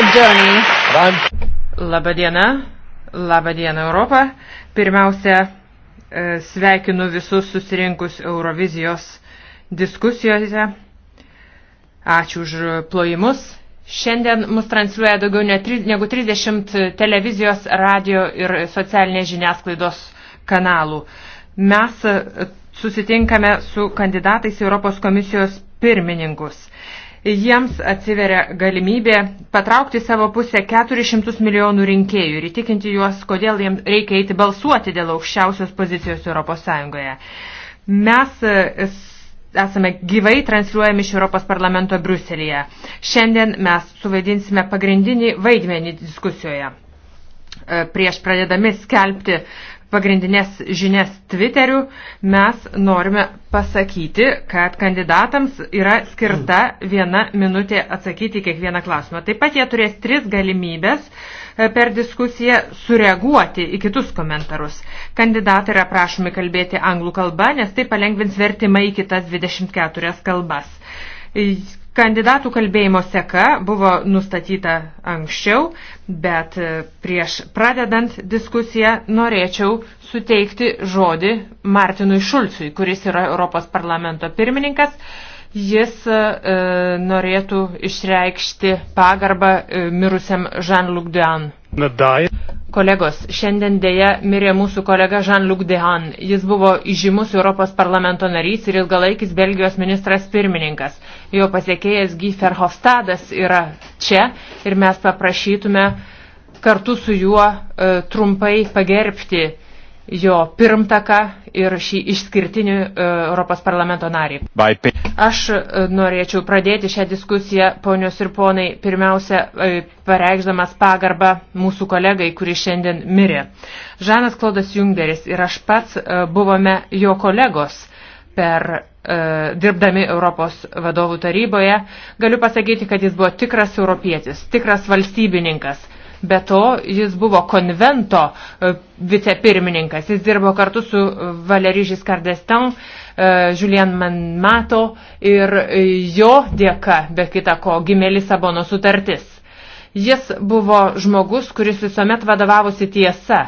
ragioni. Labadiena, labadiena Europą. Pirmiausia, e, sveikinu visus susirinkus Eurovizijos diskusijose. Ačiū už plojimus. Šiandien mus transliuoja daugiau ne, negu 30 televizijos, radio ir socialinės žiniasklaidos kanalų. Mes susitinkame su kandidatais Europos komisijos pirmininkus jiems atsiveria galimybė patraukti savo pusę 400 milijonų rinkėjų ir įtikinti juos, kodėl jiems reikia eiti balsuoti dėl aukščiausios pozicijos Europos Sąjungoje. Mes e, esame gyvai transliuojami iš Europos parlamento Bruselėje. Šiandien mes suvaidinsime pagrindinį vaidmenį diskusijoje e, prieš pradėdami skelbti pagrindinės žinias Twitteriu, mes norime pasakyti, kad kandidatams yra skirta viena minutė atsakyti kiekvieną klausimą. Taip pat jie turės tris galimybės e, per diskusiją sureaguoti į kitus komentarus. Kandidatai yra prašomi kalbėti anglų kalbą, nes tai palengvins vertimą į kitas 24 kalbas Kandidatų kalbėjimo seka buvo nustatyta anksčiau, bet e, prieš pradedant diskusiją norėčiau suteikti žodį Martinui Šulcui, kuris yra Europos parlamento pirmininkas. Jis e, norėtų išreikšti pagarbą e, mirusiam Jean-Luc Dehan. Kolegos, šiandien dėja mirė mūsų kolega Jean-Luc Dehan. Jis buvo įžymus Europos parlamento narys ir ilgalaikis Belgijos ministras pirmininkas. Jo pasiekėjas Guy Verhofstadas yra čia ir mes paprašytume kartu su juo e, trumpai pagerbti jo pirmtaką ir šį išskirtinį e, Europos parlamento narį. Aš e, norėčiau pradėti šią diskusiją, ponios ir ponai, pirmiausia, e, pareikšdamas pagarbą mūsų kolegai, kuris šiandien mirė. Žanas Klodas Jungeris ir aš pats buvome jo kolegos per dirbdami Europos vadovų taryboje, galiu pasakyti, kad jis buvo tikras europietis, tikras valstybininkas, Be to, jis buvo konvento e, vicepirmininkas. Jis dirbo kartu su e, Valeryžis Kardestan, e, Julien Manmato ir jo dėka, be kita ko, gimė Lisabono sutartis. Jis buvo žmogus, kuris visuomet vadovavosi tiesa.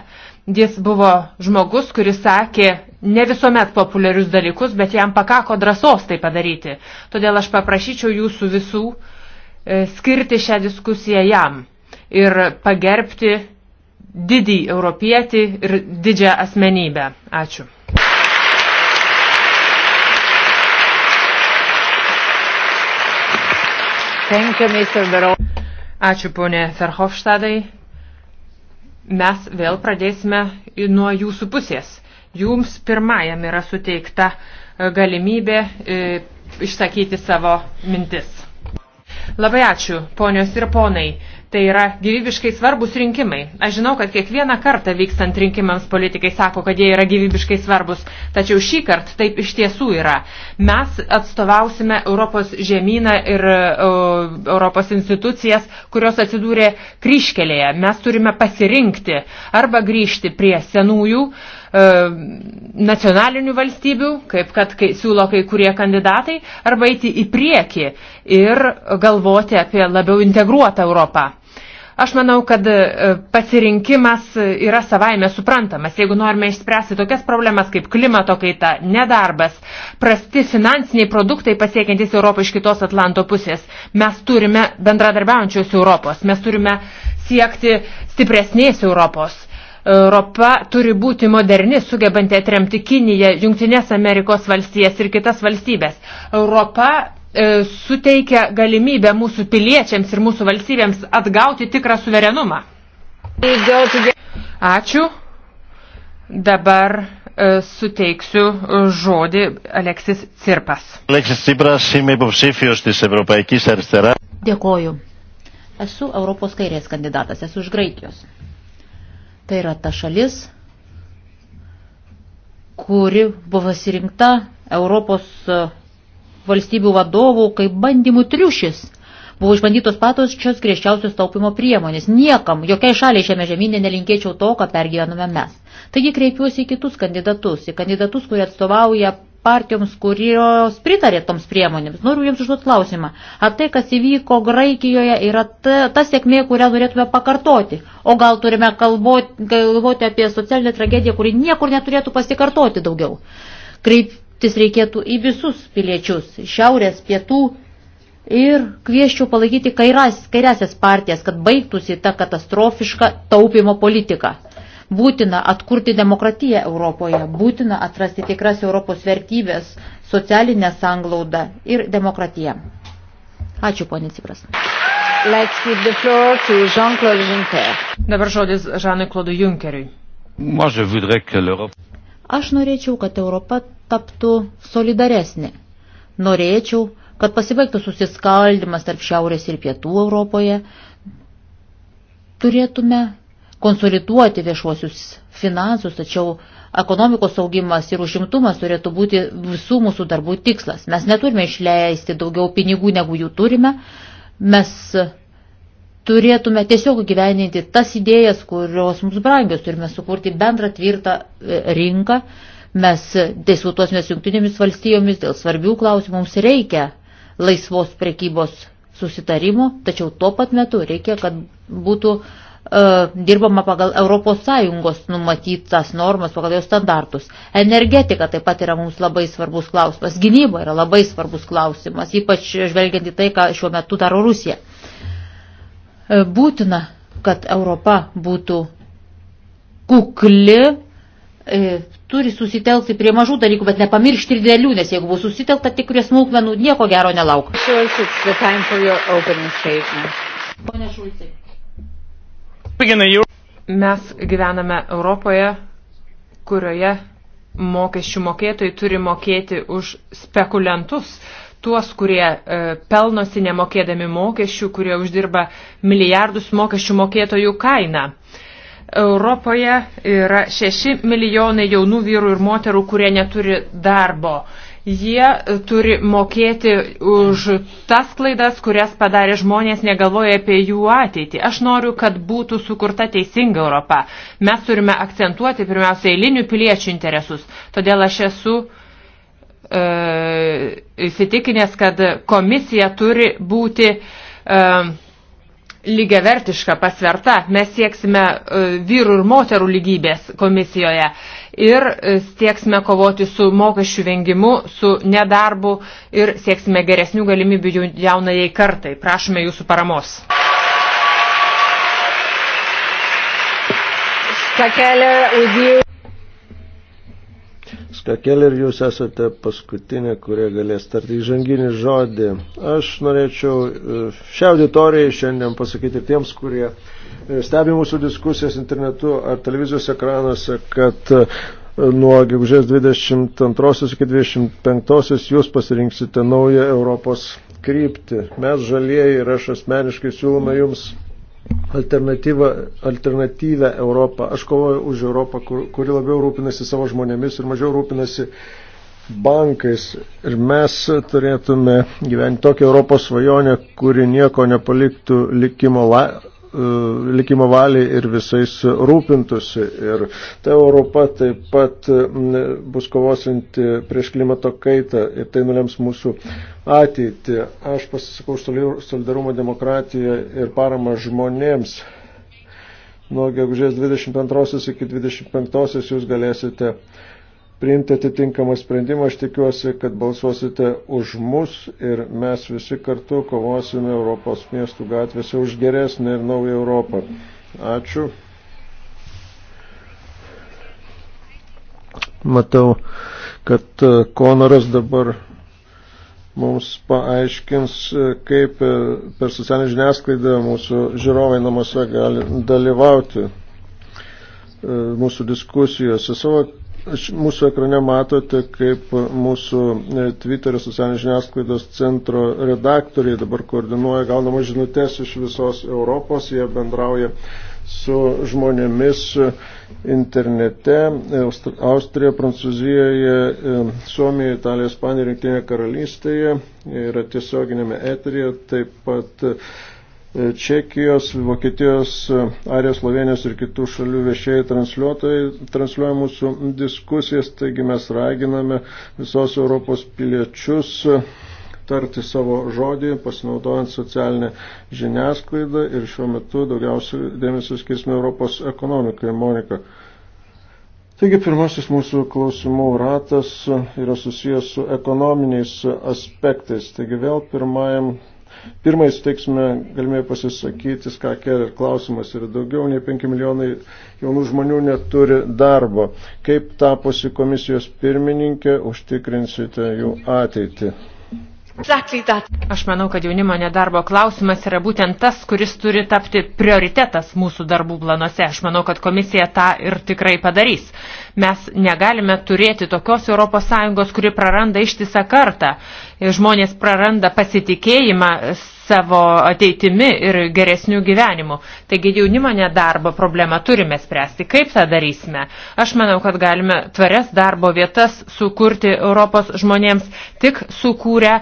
Jis buvo žmogus, kuris sakė ne visuomet populiarius dalykus, bet jam pakako drąsos tai padaryti. Todėl aš paprašyčiau jūsų visų skirti šią diskusiją jam ir pagerbti didį europietį ir didžią asmenybę. Ačiū. Ačiū, ponė Ferhofštadai. Mes vėl pradėsime nuo jūsų pusės. Jums pirmajam yra suteikta galimybė e, išsakyti savo mintis. Labai ačiū, ponios ir ponai. Tai yra gyvybiškai svarbus rinkimai. Aš žinau, kad kiekvieną kartą vykstant rinkimams politikai sako, kad jie yra gyvybiškai svarbus, tačiau šį kartą taip iš tiesų yra. Mes atstovausime Europos žemyną ir e, o, Europos institucijas, kurios atsidūrė kryškelėje. Mes turime pasirinkti arba grįžti prie senųjų, uh, E, nacionalinių valstybių, kaip kad kai, siūlo kai kurie kandidatai, arba eiti į priekį ir galvoti apie labiau integruotą Europą. Aš manau, kad e, pasirinkimas yra savaime suprantamas. Jeigu norime išspręsti tokias problemas kaip klimato kaita, nedarbas, prasti finansiniai produktai pasiekiantis Europą iš kitos Atlanto pusės, mes turime bendradarbiaujančios Europos, mes turime siekti stipresnės Europos Europa turi būti moderni, sugebanti atremti Kiniją, Junktinės Amerikos valstijas ir kitas valstybės. Europa e, suteikia galimybę mūsų piliečiams ir mūsų valstybėms atgauti tikrą suverenumą. Ačiū. Dabar e, suteiksiu žodį Aleksis Cirpas. Aleksis Cipras, είμαι υποψήφιος της Ευρωπαϊκής Αριστεράς. Dėkoju. Esu Europos kairės kandidatas, esu iš Graikijos. Tai yra ta šalis, kuri buvo pasirinkta Europos e, valstybių vadovų kaip bandymų triušis. Buvo išbandytos patos šios griežčiausios taupimo priemonės. Niekam, jokiai šaliai šiame žemynė nelinkėčiau to, ką pergyvenome mes. Taigi kreipiuosi į kitus kandidatus, į kandidatus, kurie atstovauja partijoms, kurios pritarė toms priemonėms. Noriu Jums užduoti klausimą. Ar tai, kas įvyko Graikijoje, yra ta, ta sėkmė, kurią norėtume pakartoti? O gal turime kalboti, galvoti apie socialinę tragediją, kuri niekur neturėtų pasikartoti daugiau? Kreiptis reikėtų į visus piliečius - šiaurės, pietų. Ir kvieščiau palaikyti kairias, kairiasias partijas, kad baigtųsi ta katastrofiška taupimo politika. Būtina atkurti demokratiją Europoje, būtina atrasti tikras Europos vertybės, socialinę sanglaudą ir demokratiją. Ačiū, ponė Cipras. Dabar žodis Žanui Klodui Junkeriui. Aš norėčiau, kad Europa taptų solidaresnė. Norėčiau, kad pasibaigtų susiskaldimas tarp šiaurės ir pietų Europoje. Turėtume konsoliduoti viešuosius finansus, tačiau ekonomikos augimas ir užimtumas turėtų būti visų mūsų darbų tikslas. Mes neturime išleisti daugiau pinigų, negu jų turime. Mes turėtume tiesiog gyveninti tas idėjas, kurios mums brangios. Turime sukurti bendrą tvirtą e, rinką. Mes diskutuosime su jungtinėmis valstijomis dėl svarbių klausimų. Mums reikia laisvos prekybos susitarimo, tačiau tuo pat metu reikia, kad būtų E, dirbama pagal ES numatytas normas, pagal jos standartus. Energetika taip pat yra mums labai svarbus klausimas, gynyba yra labai svarbus klausimas, ypač žvelgiant į tai, ką šiuo metu daro Rusija. E, būtina, kad Europa būtų kukli, e, turi susitelkti prie mažų dalykų, bet nepamiršti ir dėlių, nes jeigu bus susitelkta tik prie smulkmenų, nieko gero nelauk. Sure, Pone Šulcai. Mes gyvename Europoje, kurioje mokesčių mokėtojai turi mokėti už spekuliantus, tuos, kurie e, pelnosi nemokėdami mokesčių, kurie uždirba milijardus mokesčių mokėtojų kainą. Europoje yra 6 milijonai jaunų vyrų ir moterų, kurie neturi darbo. Jie e, turi mokėti už tas klaidas, kurias padarė žmonės, negalvoja apie jų ateitį. Aš noriu, kad būtų sukurta teisinga Europa. Mes turime akcentuoti pirmiausia eilinių piliečių interesus. Todėl aš esu e, įsitikinęs, kad komisija turi būti e, lygiavertiška, pasverta. Mes sieksime e, vyrų ir moterų lygybės komisijoje. E, ir e, sieksime kovoti su mokesčių vengimu, su nedarbu ir sieksime geresnių galimybių jaunajai kartai. Prašome jūsų paramos. Keller, with you. Skakeler, jūs esate paskutinė, kurie galės tarti įžanginį žodį. Aš norėčiau e, šią auditoriją šiandien pasakyti tiems, kurie e, stebi mūsų diskusijas internetu ar televizijos ekranuose, kad e, nuo gegužės 22 iki 25 jūs pasirinksite naują Europos kryptį. Mes žalieji ir aš asmeniškai siūlome jums alternatyvę Europą. Aš kovoju už Europą, kur, kuri labiau rūpinasi savo žmonėmis ir mažiau rūpinasi bankais. Ir mes turėtume gyventi tokią Europos svajonę, kuri nieko nepaliktų likimo la, E, likimo valiai ir visais rūpintusi. Ir ta Europa taip pat e, bus kovosinti prieš klimato kaitą ir tai nulems mūsų ateitį. Aš pasisakau solidarumo demokratiją ir paramą žmonėms. Nuo gegužės 22 iki 25 jūs galėsite priimti atitinkamą sprendimą. Aš tikiuosi, kad balsuosite už mus ir mes visi kartu kovosime Europos miestų gatvėse už geresnę ir naują Europą. Ačiū. Matau, kad e, Konoras dabar mums paaiškins, e, kaip e, per socialinį žiniasklaidą mūsų žiūrovai namuose gali dalyvauti mūsų diskusijose. Savo Mūsų ekrane matote, kaip mūsų e, Twitterio socialinės žiniasklaidos centro redaktoriai dabar koordinuoja gaunamą žinutės iš visos Europos, jie bendrauja su žmonėmis internete e, Austrija, Prancūzijoje, e, Suomijoje, Italijoje, Ispanijoje, Rinktinėje karalystėje yra tiesioginėme eterija, taip pat E, Čekijos, Vokietijos, e, Arijos, Slovenijos ir kitų šalių viešieji transliuotojai transliuoja mūsų diskusijas, taigi mes raginame visos Europos piliečius e, tarti savo žodį, pasinaudojant socialinę žiniasklaidą ir šiuo metu daugiausiai dėmesio skirsime Europos ekonomikai. Monika. Taigi pirmasis mūsų klausimų ratas yra susijęs su ekonominiais aspektais. Taigi vėl pirmajam Pirmai suteiksime galimybę pasisakyti, ką kelia klausimas yra daugiau nei 5 milijonai jaunų žmonių neturi darbo. Kaip taposi komisijos pirmininkė, užtikrinsite jų ateitį? Aš manau, kad jaunimo nedarbo klausimas yra būtent tas, kuris turi tapti prioritetas mūsų darbų planuose. Aš manau, kad komisija tą ir tikrai padarys. Mes negalime turėti tokios ES, kuri praranda ištisą kartą. Žmonės praranda pasitikėjimą savo ateitimi ir geresnių gyvenimų. Taigi jaunimo nedarbo problemą turime spręsti. Kaip tą darysime? Aš manau, kad galime tvarias darbo vietas sukurti Europos žmonėms tik sukūrę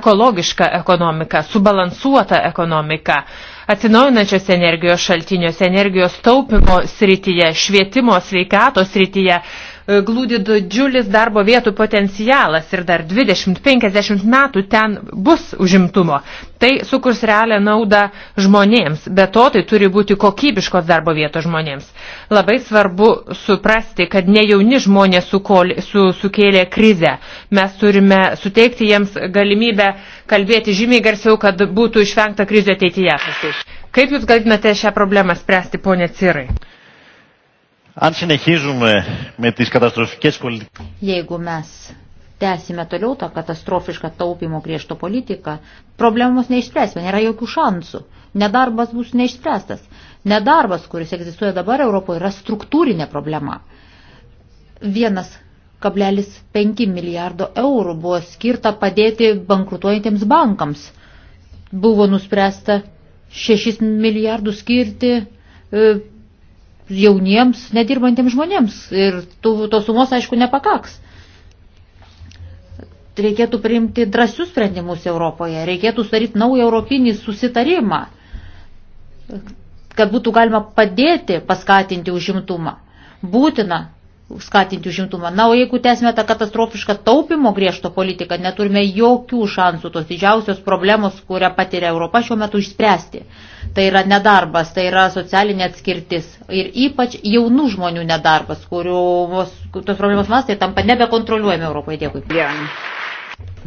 ekologišką ekonomiką, subalansuotą ekonomiką atsinaujinančios energijos šaltiniuose, energijos taupimo srityje, švietimo sveikatos srityje E, glūdi didžiulis darbo vietų potencialas ir dar 20-50 metų ten bus užimtumo. Tai sukurs realią naudą žmonėms, bet to tai turi būti kokybiškos darbo vietos žmonėms. Labai svarbu suprasti, kad ne jauni žmonės sukol, su, sukėlė krizę. Mes turime suteikti jiems galimybę kalbėti žymiai garsiau, kad būtų išvengta krizė ateityje. Kaip Jūs galėtumėte šią problemą spręsti, ponė Cirai? Αν συνεχίζουμε με τις καταστροφικές πολιτικές... Jeigu mes tęsime toliau tą katastrofišką taupimo griežto politiką, problemos neišspręsime, nėra jokių šansų. Nedarbas bus neišspręstas. Nedarbas, kuris egzistuoja dabar Europoje, yra struktūrinė problema. 1,5 milijardo eurų buvo skirta padėti bankrutuojantiems bankams. Buvo nuspręsta 6 milijardų skirti e, jauniems, nedirbantiems žmonėms. Ir tų, tos sumos, aišku, nepakaks. Reikėtų priimti drąsius sprendimus Europoje, reikėtų sudaryti naują europinį susitarimą, kad būtų galima padėti paskatinti užimtumą. Būtina skatinti užimtumą. Na, o jeigu tęsime tą katastrofišką taupimo griežto politiką, neturime jokių šansų tos didžiausios problemos, kurią patiria Europa šiuo metu išspręsti. Tai yra nedarbas, tai yra socialinė atskirtis ir ypač jaunų žmonių nedarbas, kurios tos problemos mastai tampa nebekontroliuojami Europoje. Dėkui.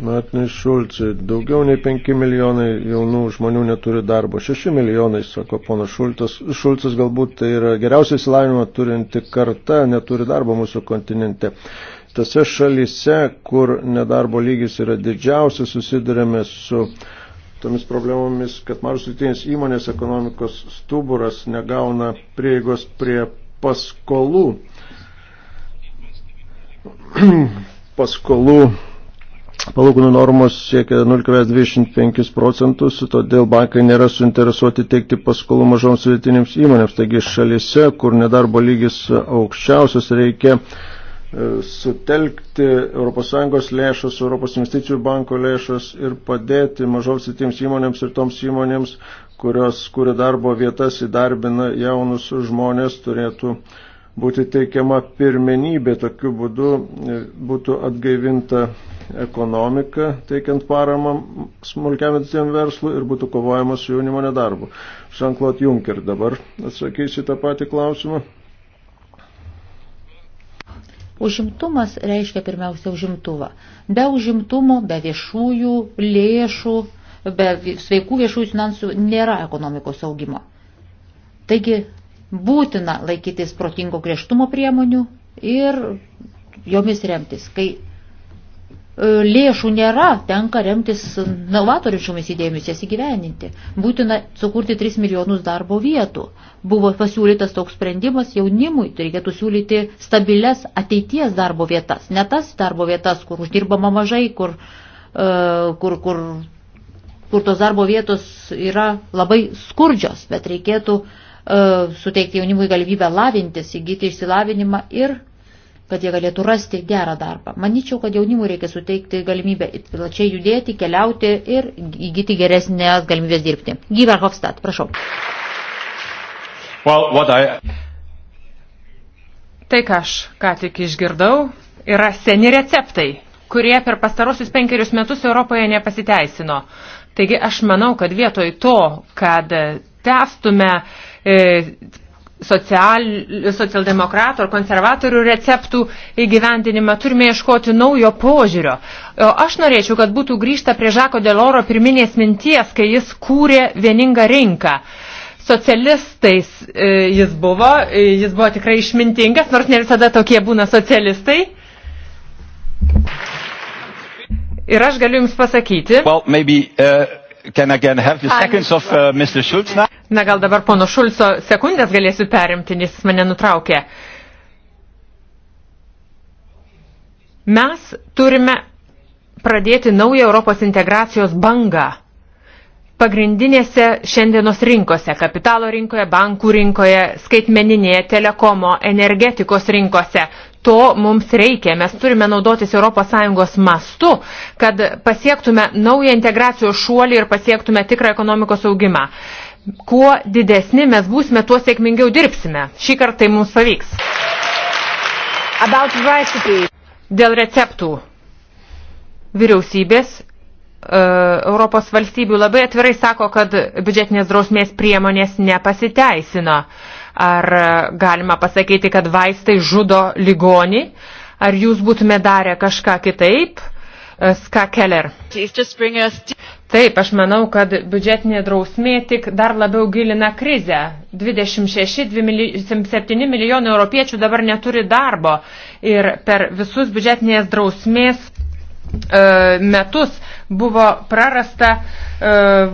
Martinai Šulcai, daugiau nei 5 milijonai jaunų žmonių neturi darbo. 6 milijonai, sako ponas Šultas. Šulcas galbūt tai yra geriausiai įsilavinimą turinti karta, neturi darbo mūsų kontinente tose šalyse, kur nedarbo lygis yra didžiausias, susidurėme su tomis problemomis, kad mažos rytinės įmonės ekonomikos stuburas negauna prieigos prie paskolų. paskolų palūkanų normos siekia 0,25 procentus, todėl bankai nėra suinteresuoti teikti paskolų mažoms vidutinėms įmonėms. Taigi šalise, kur nedarbo lygis aukščiausias, reikia uh, E, sutelkti ES lėšas, ES investicijų banko lėšas ir padėti mažoms įtims įmonėms ir toms įmonėms, kurios kuria darbo vietas, įdarbina jaunus žmonės, turėtų būti teikiama pirmenybė. Tokiu būdu e, būtų atgaivinta ekonomika, teikiant paramą smulkiam įtiem verslui ir būtų kovojama su jaunimo nedarbu. Jean-Claude Juncker dabar atsakysi tą patį klausimą. Užimtumas reiškia pirmiausia užimtumą. Be užimtumo, be viešųjų lėšų, be sveikų viešųjų finansų nėra ekonomikos augimo. Taigi būtina laikytis protingo griežtumo priemonių ir jomis remtis. Kai E, lėšų nėra, tenka remtis novatoriškomis idėjomis jas įgyveninti. Būtina sukurti 3 milijonus darbo vietų. Buvo pasiūlytas toks sprendimas jaunimui, tai reikėtų siūlyti stabilias ateities darbo vietas, ne tas darbo vietas, kur uždirbama mažai, kur, e, kur, kur, kur tos darbo vietos yra labai skurdžios, bet reikėtų e, suteikti jaunimui galimybę lavintis, įgyti išsilavinimą ir kad jie galėtų rasti gerą darbą. Manyčiau, kad jaunimui reikia suteikti galimybę plačiai judėti, keliauti ir įgyti geresnės galimybės dirbti. Gyver Hofstad, prašau. Well, I... Tai, ką aš ką tik išgirdau, yra seni receptai, kurie per pastarosius penkerius metus Europoje nepasiteisino. Taigi aš manau, kad vietoj to, kad testume e, social, socialdemokratų ar konservatorių receptų įgyvendinimą, turime ieškoti naujo požiūrio. O aš norėčiau, kad būtų grįžta prie Žako Deloro pirminės minties, kai jis kūrė vieningą rinką. Socialistais e, jis buvo, e, jis buvo tikrai išmintingas, nors ne visada tokie būna socialistai. Ir aš galiu Jums pasakyti. Well, maybe, uh can again have the seconds of uh, Mr. Schulz now? Na gal dabar pono Šulco sekundės galėsiu perimti, nes jis mane nutraukė. Mes turime pradėti naują Europos integracijos bangą pagrindinėse šiandienos rinkose – kapitalo rinkoje, bankų rinkoje, skaitmeninėje, telekomo, energetikos rinkose – to mums reikia. Mes turime naudotis ES mastu, kad pasiektume naują integracijos šuolį ir pasiektume tikrą ekonomikos augimą. Kuo didesni mes būsime, tuo sėkmingiau dirbsime. Šį kartą tai mums pavyks. Dėl receptų. Vyriausybės e, Europos valstybių labai atvirai sako, kad biudžetinės drausmės priemonės nepasiteisino. Uh, Ar e, galima pasakyti, kad vaistai žudo ligonį? Ar jūs būtume darę kažką kitaip? E, Ska Keller. Taip, aš manau, kad biudžetinė drausmė tik dar labiau gilina krizę. 26-27 milijonų europiečių dabar neturi darbo ir per visus biudžetinės drausmės e, metus buvo prarasta e,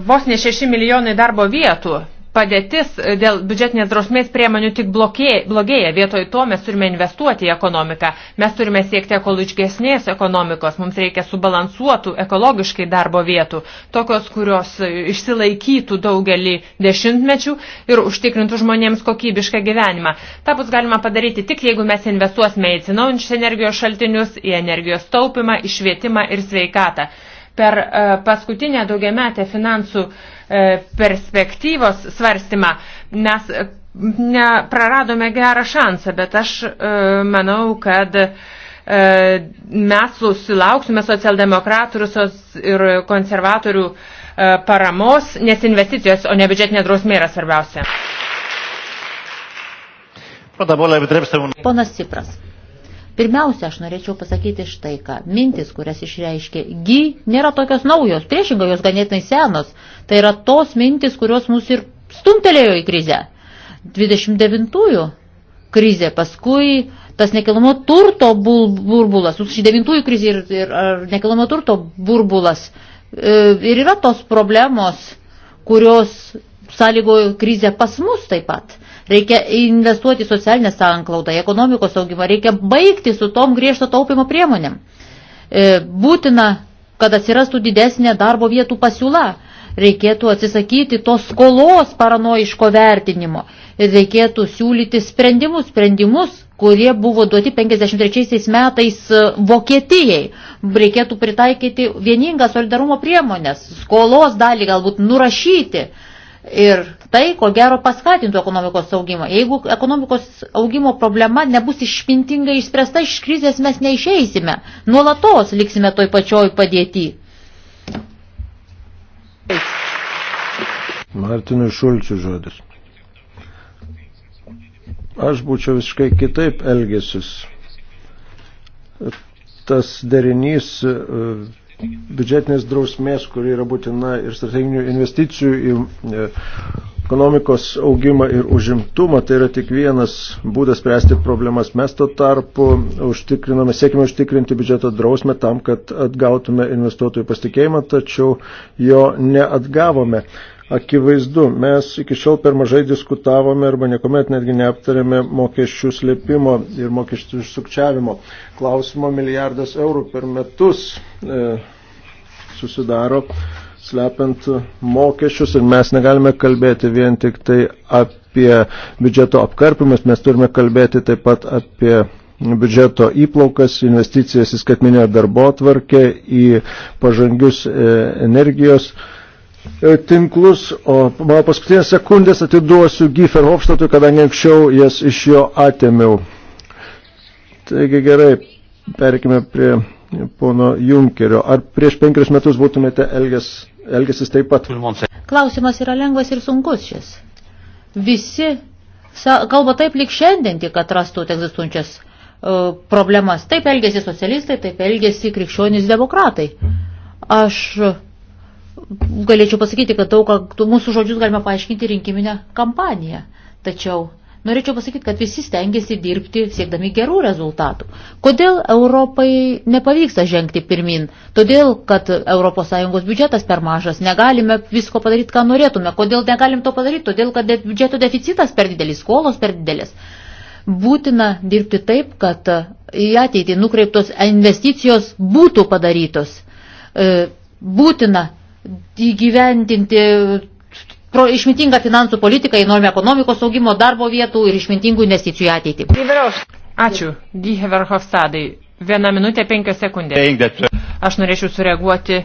vos ne 6 milijonai darbo vietų padėtis e, dėl biudžetinės drausmės priemonių tik blogėja. Vietoj to mes turime investuoti į ekonomiką. Mes turime siekti ekologiškesnės ekonomikos. Mums reikia subalansuotų ekologiškai darbo vietų. Tokios, kurios e, išsilaikytų daugelį dešimtmečių ir užtikrintų žmonėms kokybišką gyvenimą. Ta bus galima padaryti tik jeigu mes investuosime į atsinaujančius energijos šaltinius, į energijos taupimą, į švietimą ir sveikatą. Per e, paskutinę daugiametę finansų uh, E, perspektyvos svarstymą, mes e, nepraradome gerą šansą, bet aš e, manau, kad mes susilauksime socialdemokratų ir konservatorių paramos, nes investicijos, o ne biudžetinė drausmė yra svarbiausia. Ponas Cipras. Pirmiausia, aš norėčiau pasakyti štai ką. Mintis, kurias išreiškė gy, nėra tokios naujos, priešingai jos ganėtinai senos. Tai yra tos mintis, kurios mus ir stumtelėjo į krizę. 29-ųjų krizė, paskui tas nekilnojamo turto burbulas, 2009-ųjų krizė ir, ir nekilnojamo turto burbulas. E, ir yra tos problemos, kurios sąlygojo krizę pas mus taip pat reikia investuoti į socialinę sąnklaudą, į ekonomikos augimą, reikia baigti su tom griežto taupimo priemonėm. E, būtina, kad atsirastų didesnė darbo vietų pasiūla, reikėtų atsisakyti tos skolos paranoiško vertinimo ir reikėtų siūlyti sprendimus, sprendimus, kurie buvo duoti 53 metais e, Vokietijai. Reikėtų pritaikyti vieningą solidarumo priemonės, skolos dalį galbūt nurašyti Ir tai, ko gero, paskatintų ekonomikos augimą. Jeigu ekonomikos augimo problema nebus išpintingai išspręsta, iš krizės mes neišeisime. Nuolatos liksime toj pačioj padėti. Martinui Šulčių žodis. Aš būčiau visiškai kitaip elgesis. Tas derinys biudžetinės drausmės, kuri yra būtina ir strateginių investicijų į e, ekonomikos augimą ir užimtumą, tai yra tik vienas būdas spręsti problemas. Mes to tarpu užtikriname, siekime užtikrinti biudžeto drausmę tam, kad atgautume investuotojų pasitikėjimą, tačiau jo neatgavome akivaizdu. Mes iki šiol per mažai diskutavome arba niekuomet netgi neaptarėme mokesčių slėpimo ir mokesčių sukčiavimo. Klausimo milijardas eurų per metus e, susidaro slepiant mokesčius ir mes negalime kalbėti vien tik tai apie biudžeto apkarpimus, mes turime kalbėti taip pat apie biudžeto įplaukas, investicijas į skatminę darbo tvarkę, į pažangius e, energijos E, tinklus, o mano paskutinės sekundės atiduosiu Gifer Hofstatui, kadangi anksčiau jas iš jo atėmiau. Taigi gerai, perkime prie pono Junkerio. Ar prieš penkerius metus būtumėte elgės, elgėsis taip pat? Klausimas yra lengvas ir sunkus šis. Visi kalba taip lyg šiandien tik atrastų egzistuojančias uh, problemas. Taip elgėsi socialistai, taip elgėsi krikščionys demokratai. Aš uh, galėčiau pasakyti, kad daug ką mūsų žodžius galima paaiškinti rinkiminę kampaniją. Tačiau norėčiau pasakyti, kad visi stengiasi dirbti siekdami gerų rezultatų. Kodėl Europai nepavyksta žengti pirmin? Todėl, kad ES biudžetas per mažas, negalime visko padaryti, ką norėtume. Kodėl negalim to padaryti? Todėl, kad biudžeto deficitas per didelis, skolos per didelis. Būtina dirbti taip, kad į ateitį nukreiptos investicijos būtų padarytos. E, būtina įgyvendinti išmintingą finansų politiką, norime ekonomikos augimo, darbo vietų ir išmintingų investicijų ateitį. Ačiū, Giheverhofstadai. Viena minutė penkios sekundės. Uh, Aš norėčiau sureaguoti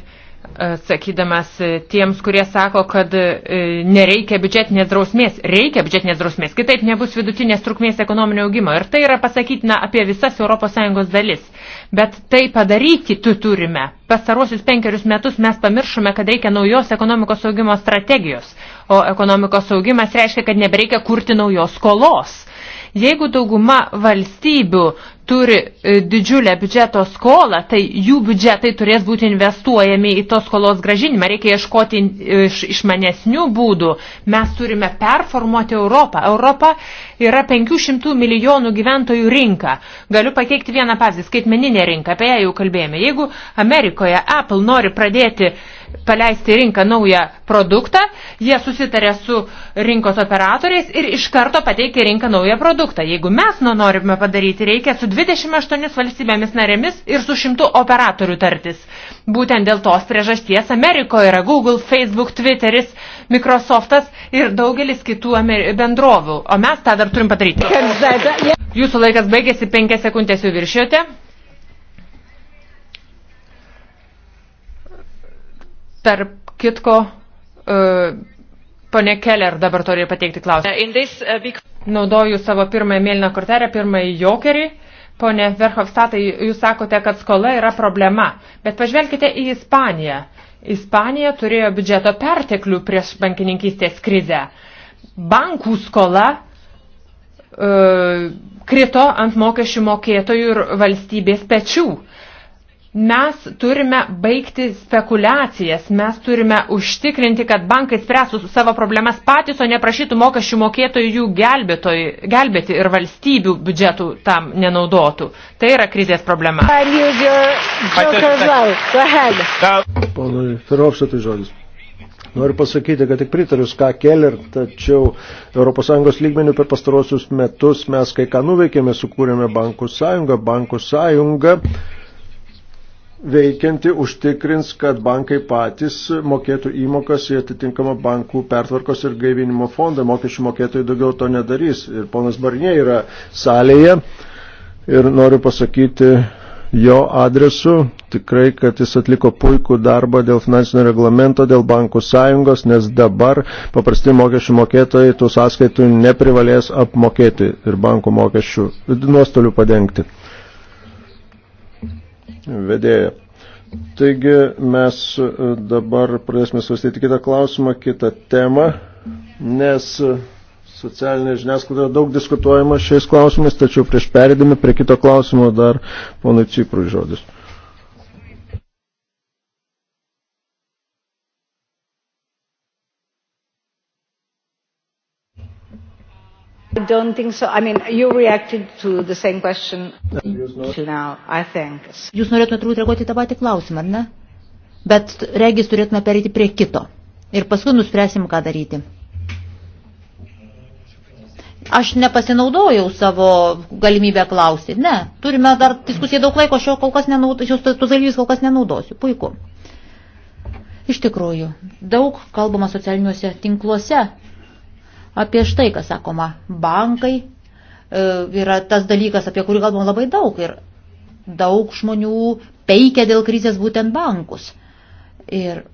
atsakydamas e, tiems, kurie sako, kad e, nereikia biudžetinės drausmės. Reikia biudžetinės drausmės, kitaip nebus vidutinės trukmės ekonominio augimo. Ir tai yra pasakytina apie visas ES dalis. Bet tai padaryti tu turime. Pastaruosius penkerius metus mes pamiršome, kad reikia naujos ekonomikos augimo strategijos. O ekonomikos augimas reiškia, kad nebereikia kurti naujos skolos. Jeigu dauguma valstybių turi e, didžiulę biudžeto skolą, tai jų biudžetai turės būti investuojami į tos skolos gražinimą. Reikia ieškoti iš, išmanesnių būdų. Mes turime performuoti Europą. Europa yra 500 milijonų gyventojų rinka. Galiu pateikti vieną pavyzdį, skaitmeninė rinka, apie ją jau kalbėjome. Jeigu Amerikoje Apple nori pradėti uh, paleisti rinką naują produktą, jie susitarė su rinkos operatoriais ir iš karto pateikia rinką naują produktą. Jeigu mes nu norime padaryti, reikia su 28 valstybėmis narėmis ir su šimtu operatorių tartis. Būtent dėl tos priežasties Amerikoje yra Google, Facebook, Twitteris, Microsoftas ir daugelis kitų bendrovių, o mes tą dar turim padaryti. Jūsų laikas baigėsi, penkias sekundės jau viršijote. Tarp kitko, e, ponė Keller dabar turi pateikti klausimą. Uh, Naudoju savo pirmąją mėlyną kortelę, pirmąjį jokerį. Pone Verhofstatai, jūs sakote, kad skola yra problema, bet pažvelkite į Ispaniją. Ispanija turėjo biudžeto perteklių prieš bankininkystės krizę. Bankų skola e, krito ant mokesčių mokėtojų ir valstybės pečių. Mes turime baigti spekulacijas, mes turime užtikrinti, kad bankai spręstų savo problemas patys, o neprašytų mokesčių mokėtojų jų gelbėti ir valstybių biudžetų tam nenaudotų. Tai yra krizės problema. Ponui Ferovsatui žodis. Noriu pasakyti, kad tik pritariu Ska Keller, tačiau ES lygmenių per pastarosius metus mes kai ką nuveikėme, sukūrėme Bankų sąjungą. Bankų sąjunga, bankų sąjunga veikianti užtikrins, kad bankai patys mokėtų įmokas į atitinkamą bankų pertvarkos ir gaivinimo fondą. Mokesčių mokėtojai daugiau to nedarys. Ir ponas Barnė yra salėje ir noriu pasakyti jo adresu tikrai, kad jis atliko puikų darbą dėl finansinio reglamento, dėl bankų sąjungos, nes dabar paprasti mokesčių mokėtojai tų sąskaitų neprivalės apmokėti ir bankų mokesčių nuostolių padengti vedėja. Taigi mes e, dabar pradėsime svarstyti kitą klausimą, kitą temą, nes socialinė žiniasklaida daug diskutuojama šiais klausimais, tačiau prieš perėdami prie kito klausimo dar ponui Ciprui žodis. I don't think so. I mean, you reacted to the same question now, I think. Jūs norėtumėte turbūt reaguoti tą patį klausimą, ar ne? Bet regis turėtume perėti prie kito. Ir paskui nuspręsim, ką daryti. Aš nepasinaudojau savo galimybę klausti. Ne, turime dar diskusiją daug laiko, aš jau kol kas nenaudosiu, tos galimybės kol kas nenaudosiu. Puiku. Iš tikrųjų, daug kalbama socialiniuose tinkluose apie štai, kas sakoma, bankai e, yra tas dalykas, apie kurį kalbam labai daug ir daug žmonių peikia dėl krizės būtent bankus. Ir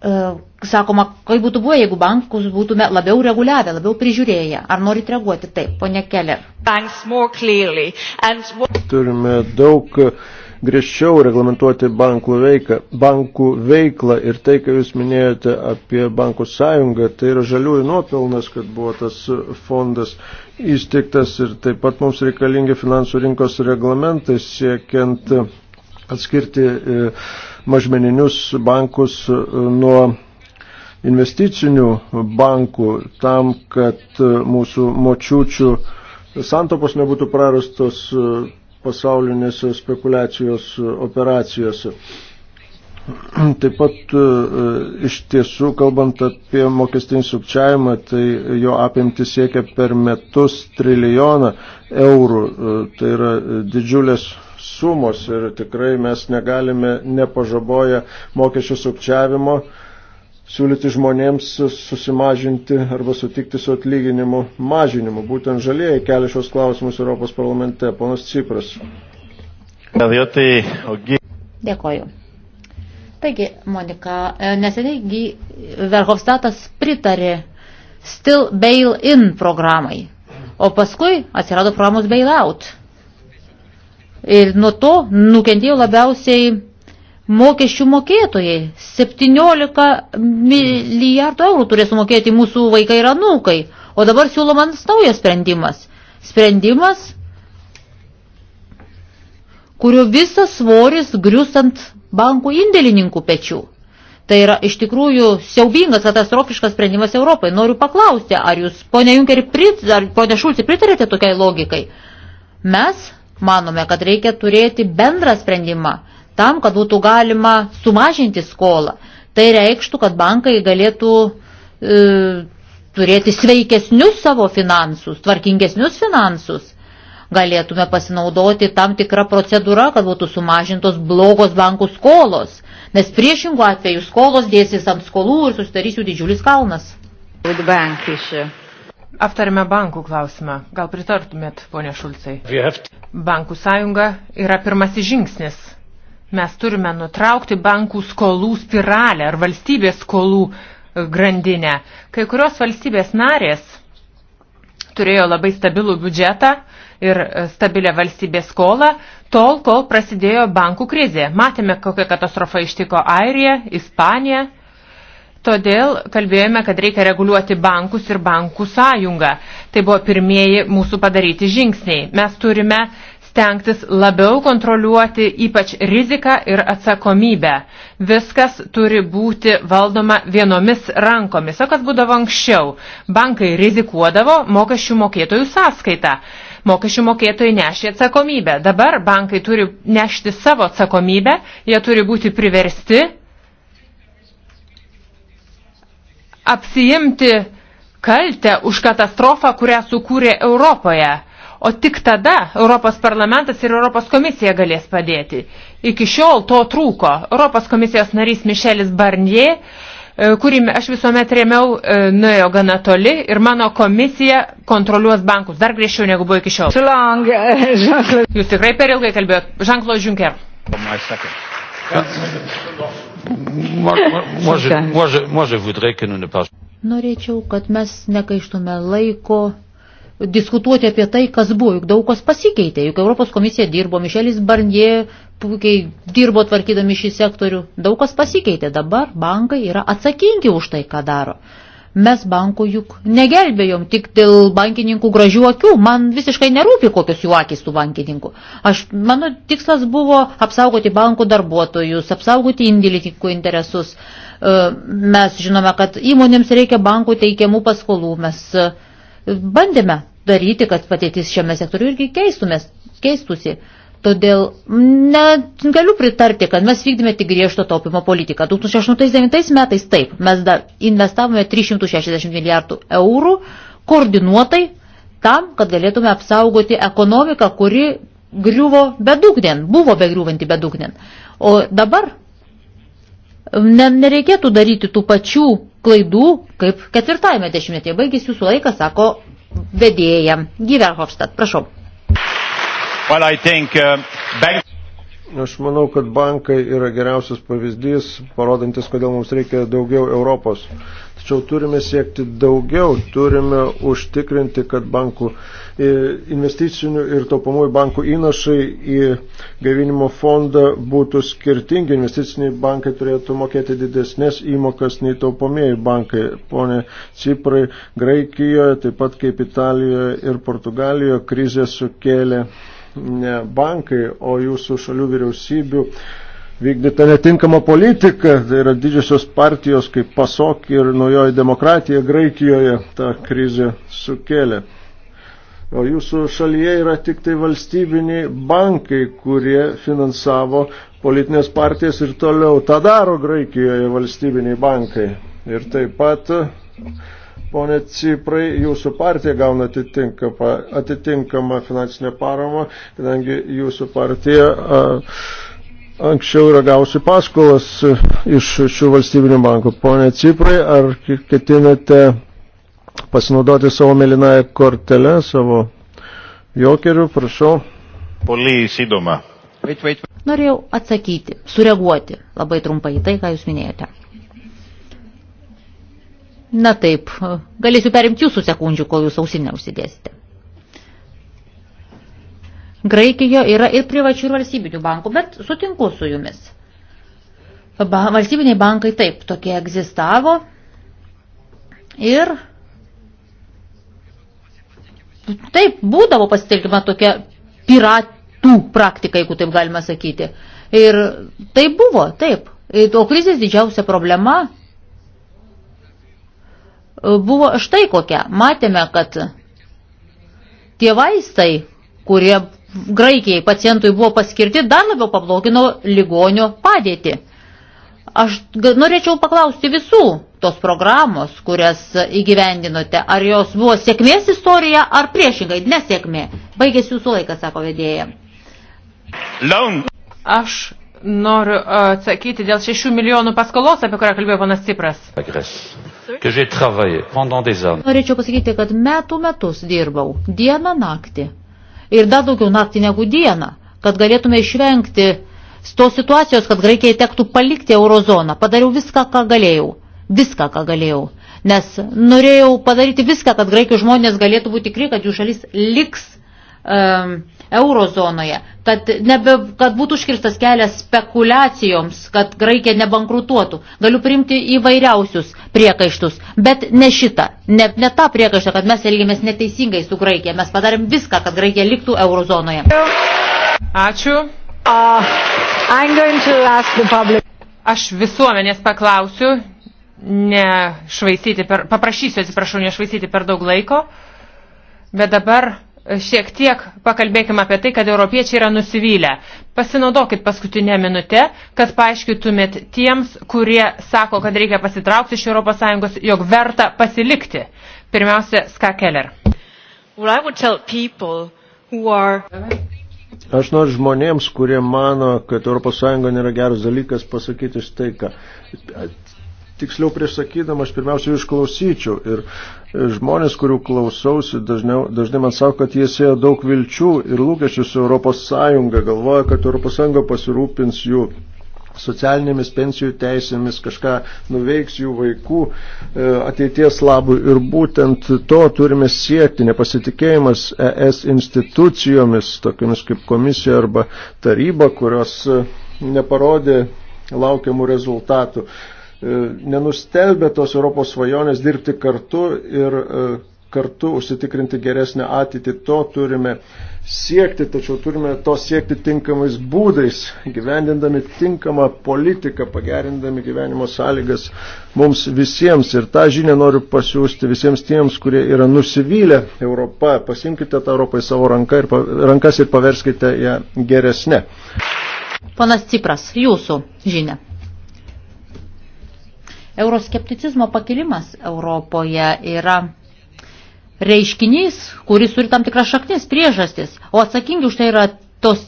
e, sakoma, kaip būtų buvę, jeigu bankus būtume labiau reguliavę, labiau prižiūrėję. Ar norit reaguoti? Taip, ponė Keller. Turime daug griežčiau reglamentuoti bankų veiklą, bankų veiklą ir tai, ką jūs minėjote apie bankų sąjungą, tai yra žaliųjų nuopelnas, kad buvo tas fondas įsteigtas ir taip pat mums reikalingi finansų rinkos reglamentai siekiant atskirti e, mažmeninius bankus e, nuo investicinių bankų tam, kad e, mūsų močiučių santopos nebūtų prarastos pasaulinėse spekulacijos operacijose. Taip pat e, e, iš tiesų, kalbant apie mokestinį sukčiavimą, tai jo apimtis siekia per metus trilijoną eurų. E, tai yra didžiulės sumos ir tikrai mes negalime nepažaboję mokesčių sukčiavimo siūlyti žmonėms susimažinti arba sutikti su atlyginimu mažinimu. Būtent žalieji kelia šios klausimus Europos parlamente. Ponas Cipras. Tai Dėkoju. Taigi, Monika, e, neseniai Verhofstadtas pritarė Still Bail-in programai, o paskui atsirado programos Bail-out. Ir nuo to nukentėjo labiausiai mokesčių mokėtojai. 17 milijardų eurų turės sumokėti mūsų vaikai ir anūkai. O dabar siūlomas naujas sprendimas. Sprendimas, kurio visas svoris griusant bankų indėlininkų pečių. Tai yra iš tikrųjų siaubingas, katastrofiškas sprendimas Europai. Noriu paklausti, ar jūs, ponia Junkeri, prit, ar ponia Šulci, pritarėte tokiai logikai? Mes manome, kad reikia turėti bendrą sprendimą tam, kad būtų galima sumažinti skolą. Tai reikštų, kad bankai galėtų e, turėti sveikesnius savo finansus, tvarkingesnius finansus. Galėtume pasinaudoti tam tikrą procedūrą, kad būtų sumažintos blogos bankų skolos, nes priešingų atveju skolos dėsis ant skolų ir susidarys jų didžiulis kalnas. Aptarėme bankų klausimą. Gal pritartumėt, ponė Šulcai? Bankų sąjunga yra pirmasis žingsnis Mes turime nutraukti bankų skolų spiralę ar valstybės skolų e, grandinę. Kai kurios valstybės narės turėjo labai stabilų biudžetą ir e, stabilę valstybės skolą, tol, kol prasidėjo bankų krizė. Matėme, kokia katastrofa ištiko Airija, Ispanija. Todėl kalbėjome, kad reikia reguliuoti bankus ir bankų sąjungą. Tai buvo pirmieji mūsų padaryti žingsniai. Mes turime stengtis labiau kontroliuoti ypač riziką ir atsakomybę. Viskas turi būti valdoma vienomis rankomis. O kas būdavo anksčiau? Bankai rizikuodavo mokesčių mokėtojų sąskaitą. Mokesčių mokėtojai nešė atsakomybę. Dabar bankai turi nešti savo atsakomybę, jie turi būti priversti apsijimti kaltę už katastrofą, kurią sukūrė Europoje O tik tada Europos parlamentas ir Europos komisija galės padėti. Iki šiol to trūko. Europos komisijos narys Mišelis Barnier, e, kurį aš visuomet rėmiau, e, nuėjo gana toli ir mano komisija kontroliuos bankus dar griežčiau negu buvo iki šiol. E, Jūs tikrai per ilgai kalbėjot. Jean-Claude Juncker. Norėčiau, kad mes nekaištume laiko diskutuoti apie tai, kas buvo, juk daug kas pasikeitė, juk Europos komisija dirbo, Mišelis Barnie puikiai dirbo tvarkydami šį sektorių, daug kas pasikeitė, dabar bankai yra atsakingi už tai, ką daro. Mes bankų juk negelbėjom tik dėl bankininkų gražių akių, man visiškai nerūpi, kokios jų akis tų bankininkų. Aš, mano tikslas buvo apsaugoti bankų darbuotojus, apsaugoti indėlininkų interesus. Mes žinome, kad įmonėms reikia bankų teikiamų paskolų, mes uh, bandėme daryti, kad patėtis šiame sektoriu irgi keistumės, keistusi. Todėl negaliu pritarti, kad mes vykdėme tik griežto taupimo politiką. 2008-2009 metais taip, mes dar investavome 360 milijardų eurų koordinuotai tam, kad galėtume apsaugoti ekonomiką, kuri griuvo bedugnen, buvo begriuvanti bedugnen. O dabar nereikėtų daryti tų pačių klaidų, kaip ketvirtajame dešimtmetyje. Baigis jūsų laikas, sako vedėja. Gyver Hofstad, prašau. Well, I think, uh, bank... Aš manau, kad bankai yra geriausias pavyzdys, parodantis, kodėl mums reikia daugiau Europos. Uh, Tačiau turime siekti daugiau, turime užtikrinti, kad bankų e, investicinių ir taupamųjų bankų įnašai į gaivinimo fondą būtų skirtingi. Investiciniai bankai turėtų mokėti didesnės įmokas nei taupomieji bankai. Pone Ciprai, Graikijoje, taip pat kaip Italijoje ir Portugalijoje krizė sukėlė ne bankai, o jūsų šalių vyriausybių vykdyta netinkama politika, tai yra didžiosios partijos kaip PASOK ir naujoji demokratija Graikijoje tą krizę sukėlė. O jūsų šalyje yra tik tai valstybiniai bankai, kurie finansavo politinės partijas ir toliau tą daro Graikijoje valstybiniai bankai. Ir taip pat, ponė Ciprai, jūsų partija gauna atitinkamą, atitinkamą finansinę paramą, kadangi jūsų partija. A, anksčiau yra gausi paskolas e, iš šių valstybinių bankų. Pone Ciprai, ar ketinate pasinaudoti savo mėlynąją kortelę, savo jokeriu, prašau? Poliai įsidoma. Norėjau atsakyti, sureaguoti labai trumpai tai, ką jūs minėjote. Na taip, galėsiu perimti jūsų sekundžių, kol jūs ausinę užsidėsite. Graikijoje yra ir privačių ir valstybinių bankų, bet sutinku su jumis. Ba, valstybiniai bankai taip, tokie egzistavo ir taip būdavo pasitelkima tokia piratų praktika, jeigu taip galima sakyti. Ir tai buvo, taip. E, o krizės didžiausia problema buvo štai kokia. Matėme, kad tie vaistai, kurie Graikijai pacientui buvo paskirti, dar labiau pablogino ligonio padėtį. Aš norėčiau paklausti visų tos programos, kurias įgyvendinote, ar jos buvo sėkmės istorija, ar priešingai nesėkmė. Baigėsi jūsų laikas, sako vedėja. Long. Aš noriu atsakyti dėl 6 milijonų paskolos, apie kurią kalbėjo panas Cipras. Norėčiau pasakyti, kad metų metus dirbau, dieną naktį ir dar daugiau naktį negu dieną, kad galėtume išvengti to situacijos, kad Graikijai tektų palikti eurozoną. Padariau viską, ką galėjau. Viską, ką galėjau. Nes norėjau padaryti viską, kad graikių žmonės galėtų būti tikri, kad jų šalis liks um, eurozonoje, kad, nebe, kad būtų užkirstas kelias spekulacijoms, kad Graikija nebankrutuotų. Galiu priimti įvairiausius priekaištus, bet ne šitą, ne, ne tą priekaištą, kad mes elgėmės neteisingai su Graikija. Mes padarėm viską, kad Graikija liktų eurozonoje. Ačiū. Uh, Aš visuomenės paklausiu, ne švaistyti per, paprašysiu, atsiprašau, nešvaistyti per daug laiko, bet dabar šiek tiek pakalbėkime apie tai, kad europiečiai yra nusivylę. Pasinaudokit paskutinę minutę, kad paaiškytumėt tiems, kurie sako, kad reikia pasitraukti iš ES, jog verta pasilikti. Pirmiausia, Ska Keller. Aš noriu žmonėms, kurie mano, kad ES nėra geras dalykas, pasakyti štai ką tiksliau prieš sakydama, aš pirmiausia jų išklausyčiau. Ir e, žmonės, kurių klausausi, dažniau, dažnai man sako, kad jie sėjo daug vilčių ir lūkesčių su Europos Sąjunga, galvoja, kad Europos Sąjunga pasirūpins jų socialinėmis pensijų teisėmis, kažką nuveiks jų vaikų e, ateities labui. Ir būtent to turime siekti, nepasitikėjimas ES institucijomis, tokiamis kaip komisija arba taryba, kurios e, neparodė laukiamų rezultatų. E, nenustelbė tos Europos svajonės dirbti kartu ir e, kartu užsitikrinti geresnę ateitį. To turime siekti, tačiau turime to siekti tinkamais būdais, gyvendindami tinkamą politiką, pagerindami gyvenimo sąlygas mums visiems. Ir tą žinę noriu pasiūsti visiems tiems, kurie yra nusivylę Europą. Pasimkite tą Europą į savo ranką ir, rankas ir paverskite ją geresnę. Ponas Cipras, jūsų žinia. Euroskepticizmo pakilimas Europoje yra reiškinys, kuris turi tam tikras šaknis priežastis, o atsakingi už tai yra tos,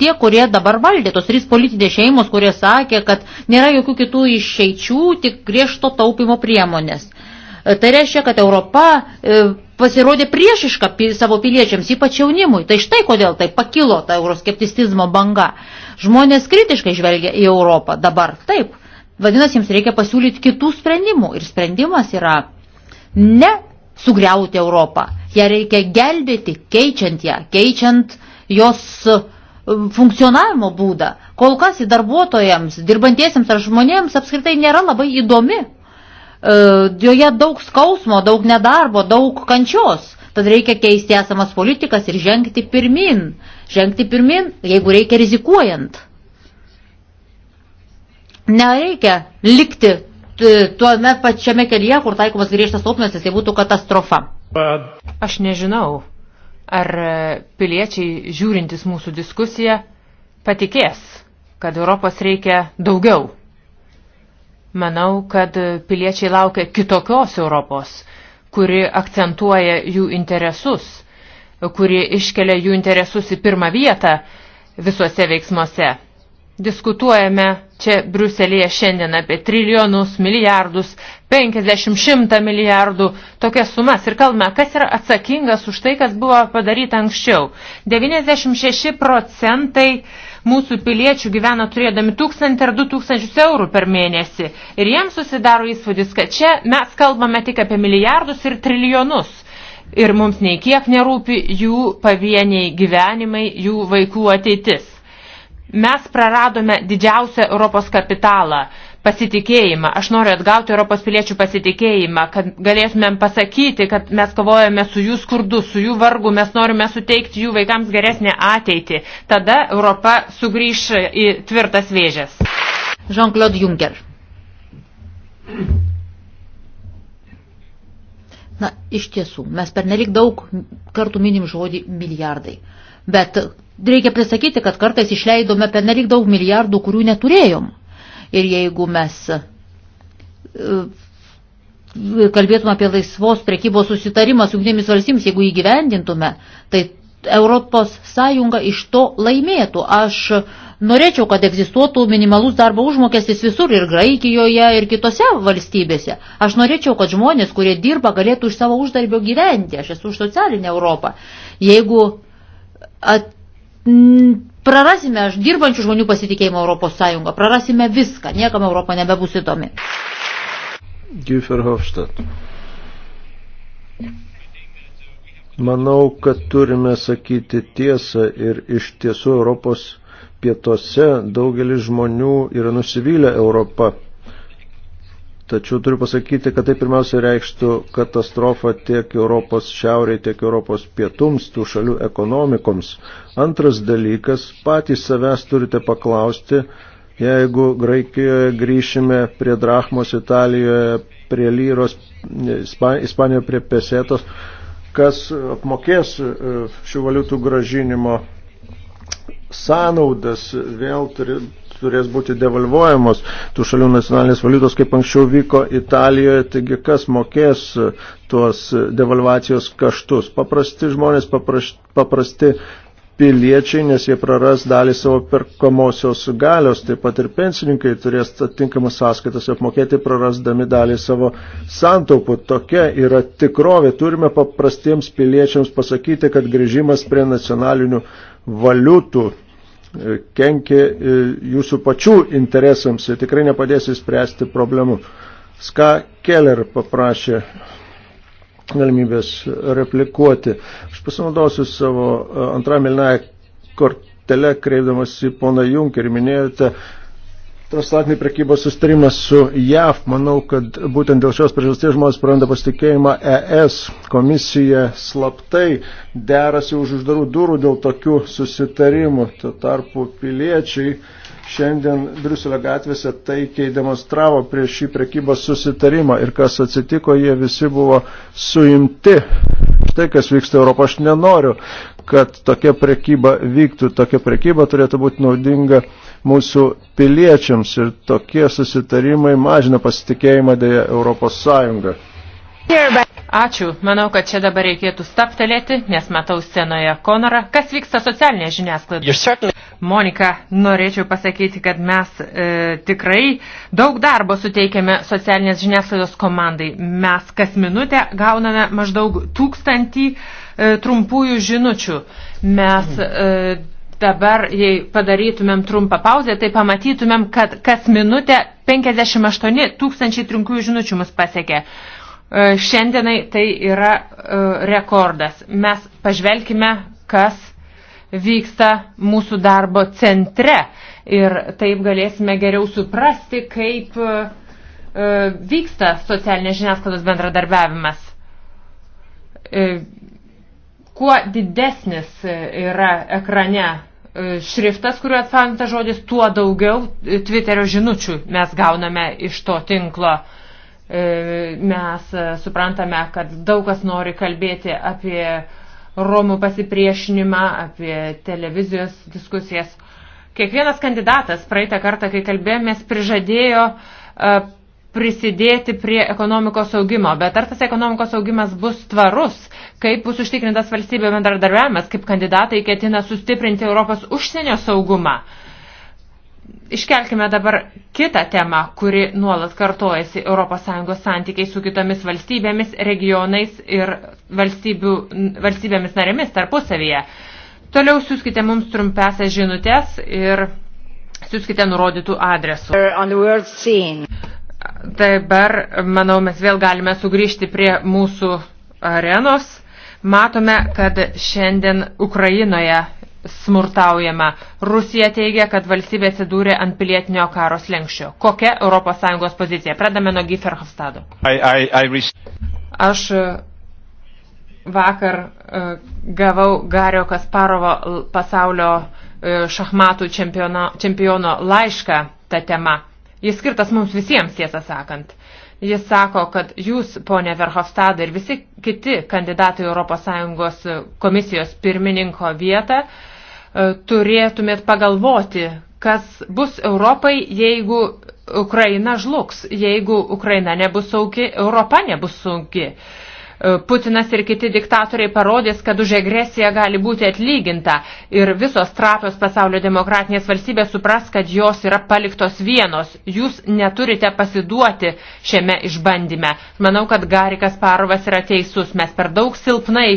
tie, kurie dabar valdė, tos trys politinės šeimos, kurie sakė, kad nėra jokių kitų išeičių, tik griežto taupimo priemonės. Tai reiškia, kad Europa e, pasirodė priešiška savo piliečiams, ypač jaunimui. Tai štai kodėl tai pakilo ta euroskepticizmo banga. Žmonės kritiškai žvelgia į Europą dabar. Taip, Vadinasi, jiems reikia pasiūlyti kitų sprendimų. Ir sprendimas yra ne sugriauti Europą. Ją reikia gelbėti, keičiant ją, keičiant jos e, funkcionavimo būdą. Kol kas į darbuotojams, dirbantiesiems ar žmonėms apskritai nėra labai įdomi. E, joje daug skausmo, daug nedarbo, daug kančios. Tad reikia keisti esamas politikas ir žengti pirmin. Žengti pirmin, jeigu reikia rizikuojant. Nereikia likti tuome pačiame kelyje, kur taikomas griežtas taupinės, tai būtų katastrofa. Aš nežinau, ar piliečiai žiūrintis mūsų diskusiją patikės, kad Europos reikia daugiau. Manau, kad piliečiai laukia kitokios Europos, kuri akcentuoja jų interesus, kuri iškelia jų interesus į pirmą vietą visuose veiksmuose diskutuojame čia Briuselėje šiandien apie trilijonus, milijardus, 50-100 milijardų, tokias sumas ir kalbame, kas yra atsakingas už tai, kas buvo padaryta anksčiau. 96 procentai mūsų piliečių gyvena turėdami 1000 ar 2000 eurų per mėnesį ir jiems susidaro įspūdis, kad čia mes kalbame tik apie milijardus ir trilijonus ir mums nei kiek nerūpi jų pavieniai gyvenimai, jų vaikų ateitis. Mes praradome didžiausią Europos kapitalą – pasitikėjimą. Aš noriu atgauti Europos piliečių pasitikėjimą, kad galėtumėm pasakyti, kad mes kovojame su jų skurdu, su jų vargu, mes norime suteikti jų vaikams geresnę ateitį. Tada Europa sugrįš į tvirtas vėžės. Jean-Claude Juncker. Na, iš tiesų, mes per nelik daug kartų minim žodį milijardai. Bet reikia prisakyti, kad kartais išleidome pernelyg daug milijardų, kurių neturėjom. Ir jeigu mes e, kalbėtume apie laisvos prekybos susitarimą su jungtinėmis valstybėmis, jeigu įgyvendintume, tai Europos Sąjunga iš to laimėtų. Aš norėčiau, kad egzistuotų minimalus darbo užmokestis visur ir Graikijoje, ir kitose valstybėse. Aš norėčiau, kad žmonės, kurie dirba, galėtų iš savo uždarbio gyventi. Aš esu už socialinę Europą. Jeigu at, prarasime dirbančių žmonių pasitikėjimą Europos Sąjungą, prarasime viską, niekam Europa nebebus įdomi. Giferhofstadt. Manau, kad turime sakyti tiesą ir iš tiesų Europos pietuose daugelis žmonių yra nusivylę Europą. Tačiau turiu pasakyti, kad tai pirmiausia reikštų katastrofą tiek Europos šiauriai, tiek Europos pietums, tų šalių ekonomikoms. Antras dalykas, patys savęs turite paklausti, jeigu Graikijoje grįšime prie drachmos, Italijoje prie lyros, Ispanijoje prie pesetos, kas apmokės e, šių valiutų gražinimo sąnaudas, vėl turi turės būti devalvuojamos tų šalių nacionalinės valiutos, kaip anksčiau vyko Italijoje, taigi kas mokės tuos devalvacijos kaštus. Paprasti žmonės, paprasti, paprasti piliečiai, nes jie praras dalį savo perkamosios galios, taip pat ir pensininkai turės atitinkamas sąskaitas apmokėti, prarasdami dalį savo santaupų. Tokia yra tikrovė. Turime paprastiems piliečiams pasakyti, kad grįžimas prie nacionalinių valiutų kenkia e, jūsų pačių interesams ir tikrai nepadės įspręsti problemų. Ska Keller paprašė galimybės replikuoti. Aš pasinaudosiu savo e, antrą milnąją kortelę, kreipdamas į poną Junkerį. Minėjote, transatlantinį prekybos sustarimą su JAV. Manau, kad būtent dėl šios priežasties žmonės praranda pasitikėjimą ES. Komisija slaptai derasi už uždarų durų dėl tokių susitarimų. Tuo tarpu piliečiai šiandien Briuselio gatvėse taikiai demonstravo prieš šį prekybos susitarimą ir kas atsitiko, jie visi buvo suimti. Štai kas vyksta Europoje, aš nenoriu, kad tokia prekyba vyktų. Tokia prekyba turėtų būti naudinga mūsų piliečiams ir tokie susitarimai mažina pasitikėjimą dėja Europos Sąjungą. Ačiū. Manau, kad čia dabar reikėtų staptelėti, nes matau scenoje Konorą. Kas vyksta socialinėje žiniasklaidoje? Certainly... Monika, norėčiau pasakyti, kad mes e, tikrai daug darbo suteikėme socialinės žiniasklaidos komandai. Mes kas minutę gauname maždaug tūkstantį e, trumpųjų žinučių. Mes e, dabar, jei padarytumėm trumpą pauzę, tai pamatytumėm, kad kas minutę 58 tūkstančiai trumpųjų žinučių mus pasiekė. E, šiandienai tai yra e, rekordas. Mes pažvelkime, kas vyksta mūsų darbo centre ir taip galėsime geriau suprasti, kaip e, vyksta socialinės žiniasklaidos bendradarbiavimas. Kuo didesnis yra ekrane šriftas, kuriuo atspausintas žodis, tuo daugiau Twitterio žinučių mes gauname iš to tinklo. E, mes e, suprantame, kad daug kas nori kalbėti apie Romų pasipriešinimą, apie televizijos diskusijas. Kiekvienas kandidatas praeitą kartą, kai kalbėjomės, prižadėjo e, prisidėti prie ekonomikos augimo. Bet ar tas ekonomikos augimas bus tvarus? Kaip bus užtikrintas valstybė bendradarbiavimas? Kaip kandidatai ketina sustiprinti Europos užsienio saugumą? Uh, Iškelkime dabar kitą temą, kuri nuolat kartojasi ES santykiai su kitomis valstybėmis, regionais ir valstybėmis narėmis tarpusavyje. Toliau siūskite mums trumpesias žinutės ir siūskite nurodytų adresų. Dabar, manau, mes vėl galime sugrįžti prie mūsų arenos. Matome, kad šiandien Ukrainoje smurtaujama. Rusija teigia, kad valstybė atsidūrė ant pilietinio karo slengščio. Kokia ES pozicija? Pradame nuo Giferhofstado. Aš e, vakar e, gavau Gario Kasparovo pasaulio e, šachmatų čempiono, čempiono laišką tą temą. Jis skirtas mums visiems, tiesą sakant. Jis sako, kad jūs, ponė Verhofstada ir visi kiti kandidatai ES komisijos pirmininko vietą, uh, E, turėtumėt pagalvoti, kas bus Europai, jeigu Ukraina žlugs, jeigu Ukraina nebus saugi, Europa nebus sunki. E, Putinas ir kiti diktatoriai parodės, kad už agresiją gali būti atlyginta ir visos trapios pasaulio demokratinės valstybės supras, kad jos yra paliktos vienos. Jūs neturite pasiduoti šiame išbandyme. Manau, kad Garikas Parovas yra teisus. Mes per daug silpnai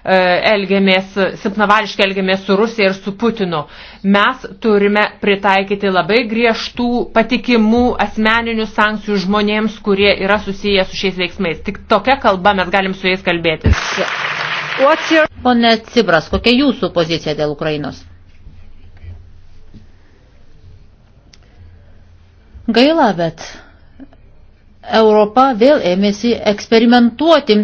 E, elgiamės, silpnavališkai elgiamės su Rusija ir su Putinu. Mes turime pritaikyti labai griežtų, patikimų asmeninių sankcijų žmonėms, kurie yra susiję su šiais veiksmais. Tik tokia kalba mes galim su jais kalbėtis. Your... Pone Cibras, kokia jūsų pozicija dėl Ukrainos? Gaila, bet Europa vėl ėmėsi eksperimentuoti,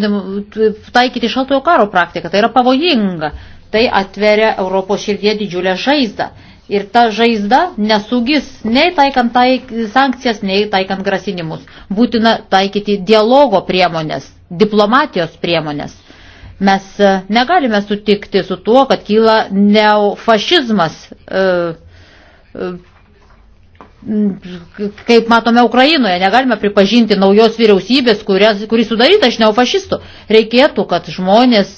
taikyti šaltojo karo praktiką. Tai yra pavojinga. Tai atveria Europos širdie didžiulę žaizdą. Ir ta žaizda nesugis nei taikant taik, sankcijas, nei taikant grasinimus. Būtina taikyti dialogo priemonės, diplomatijos priemonės. Mes e, negalime sutikti su tuo, kad kyla neofašizmas. E, e, kaip matome Ukrainoje, negalime pripažinti naujos vyriausybės, kurias, kuris sudaryta iš neofašistų. Reikėtų, kad žmonės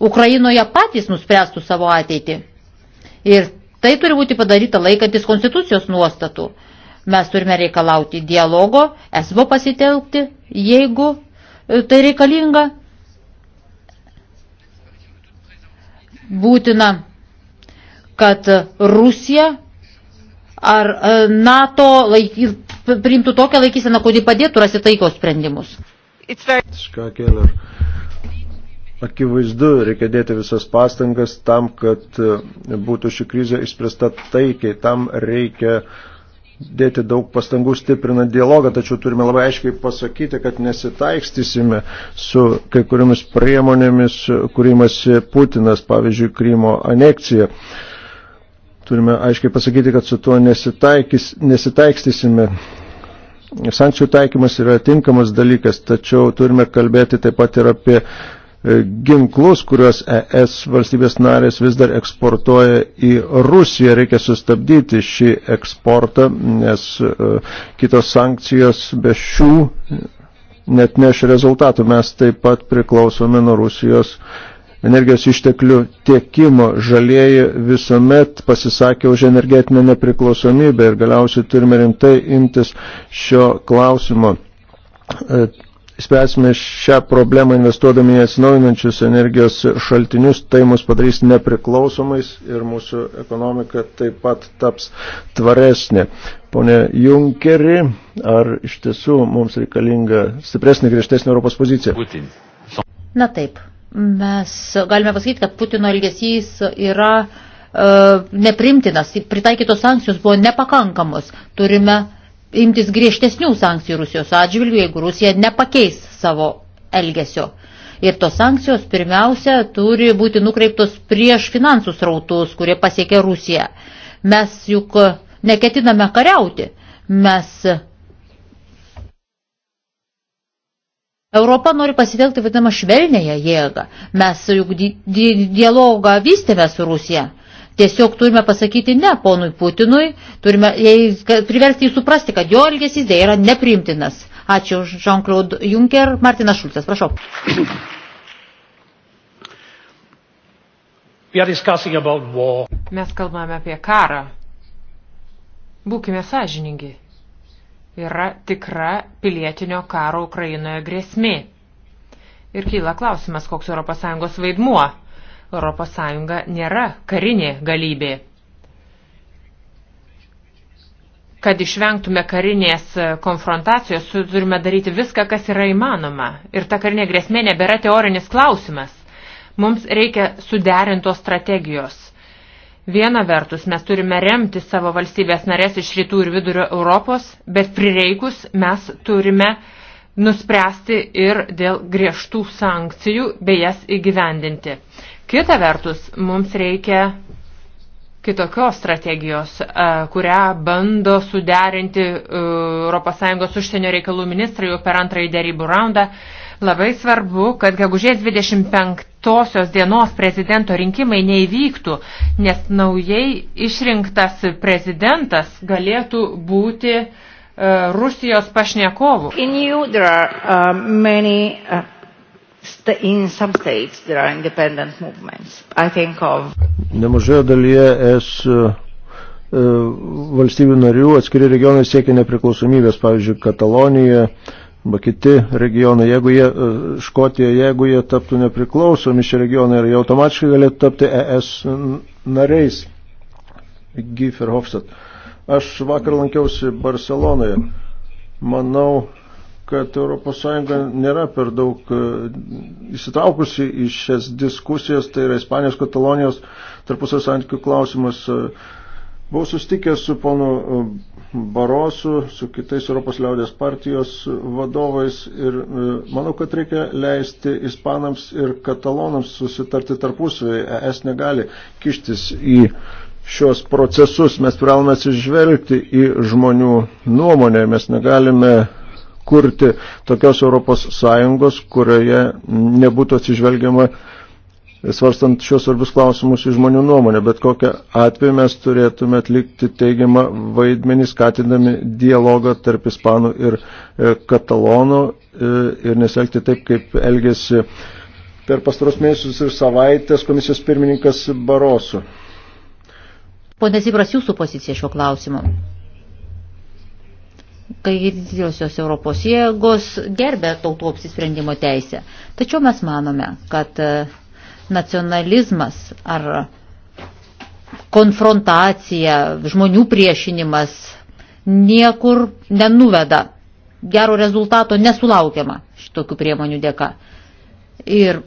Ukrainoje patys nuspręstų savo ateitį. Ir tai turi būti padaryta laikantis konstitucijos nuostatų. Mes turime reikalauti dialogo, esbo pasitelkti, jeigu e, tai reikalinga. Būtina, kad Rusija Ar e, NATO laikys, priimtų tokią laikyseną, kuri padėtų rasti taikos sprendimus? Ką kelia? Akivaizdu, reikia dėti visas pastangas tam, kad e, būtų ši krizė išspręsta taikiai. Tam reikia dėti daug pastangų stiprinant dialogą, tačiau turime labai aiškiai pasakyti, kad nesitaikstysime su kai kuriomis priemonėmis, kurimas Putinas, pavyzdžiui, Krymo aneksija. Turime aiškiai pasakyti, kad su tuo nesitaikstysime. Sankcijų taikymas yra tinkamas dalykas, tačiau turime kalbėti taip pat ir apie e, ginklus, kuriuos ES valstybės narės vis dar eksportuoja į Rusiją. Reikia sustabdyti šį eksportą, nes e, kitos sankcijos be šių net neš rezultatų. Mes taip pat priklausome nuo Rusijos energijos išteklių tiekimo. Žalieji visuomet pasisakė už energetinę nepriklausomybę ir galiausiai turime rimtai imtis šio klausimo. E, Spręsime šią problemą investuodami į atsinaujinančius energijos šaltinius, tai mus padarys nepriklausomais ir mūsų ekonomika taip pat taps tvaresnė. Pone Junkeri, ar iš tiesnė, iš tiesų mums reikalinga stipresnė, griežtesnė Europos pozicija? Putin. Na taip, mes galime pasakyti, kad Putino elgesys yra e, neprimtinas, pritaikytos sankcijos buvo nepakankamos. Turime imtis griežtesnių sankcijų Rusijos atžvilgių, jeigu Rusija nepakeis savo elgesio. Ir tos sankcijos pirmiausia turi būti nukreiptos prieš finansų srautus, kurie pasiekia Rusiją. Mes juk neketiname kariauti, mes Europa nori pasitelkti vadinamą švelnėją jėgą. Mes juk di di dialogą vystėme su Rusija. Tiesiog turime pasakyti ne ponui Putinui, turime jai, priversti jį suprasti, kad jo elgesys dėja yra nepriimtinas. Ačiū Jean-Claude Juncker, Martinas Šulcas, prašau. Mes kalbame apie karą. Būkime sąžiningi yra tikra pilietinio karo Ukrainoje grėsmė. Ir kyla klausimas, koks ES vaidmuo. ES nėra karinė galybė. Kad išvengtume karinės konfrontacijos, turime daryti viską, kas yra įmanoma. Ir ta karinė grėsmė nebėra teorinis klausimas. Mums reikia suderintos strategijos Viena vertus, mes turime remti savo valstybės narės iš rytų ir vidurio Europos, bet prireikus mes turime nuspręsti ir dėl griežtų sankcijų bei jas įgyvendinti. Kita vertus, mums reikia kitokios strategijos, e, kurią bando suderinti ES užsienio reikalų ministrai jau per antrąjį dėrybų raundą Labai svarbu, kad gegužės 25 dienos prezidento rinkimai neįvyktų, nes naujai išrinktas prezidentas galėtų būti e, uh, Rusijos uh, pašnekovų. Nemažoje dalyje es uh, uh, valstybių narių atskiri regionai siekia nepriklausomybės, pavyzdžiui, Katalonija, uh, arba kiti regionai, jeigu jie, e, Škotija, jeigu jie taptų nepriklausomi šie regionai, jie automatiškai galėtų tapti ES nariais. Giferhofstadt. Aš vakar lankiausi Barcelonoje. Manau, kad ES nėra per daug e, įsitraukusi į šias diskusijas, tai yra Ispanijos, Katalonijos tarpusio santykių klausimas. E, buvau sustikęs su ponu Barosu, su kitais Europos liaudės partijos vadovais ir e, manau, kad reikia leisti ispanams ir katalonams susitarti tarpusavį. ES negali kištis į šios procesus. Mes privalome atsižvelgti į žmonių nuomonę. Mes negalime kurti tokios Europos Sąjungos, kurioje nebūtų atsižvelgiama svarstant šios svarbius klausimus į žmonių nuomonę, bet kokią atveju mes turėtume atlikti teigiamą vaidmenį, skatindami dialogą tarp ispanų ir e, katalonų e, ir nesielgti taip, kaip elgėsi per pastaros mėnesius ir savaitės komisijos pirmininkas Barosu. Pone Zibras, jūsų pozicija šiuo klausimu. Kai didžiosios Europos jėgos gerbė tautų apsisprendimo teisę. Tačiau mes manome, kad e, nacionalizmas ar konfrontacija, žmonių priešinimas niekur nenuveda. Gero rezultato nesulaukiama šitokių priemonių dėka. Ir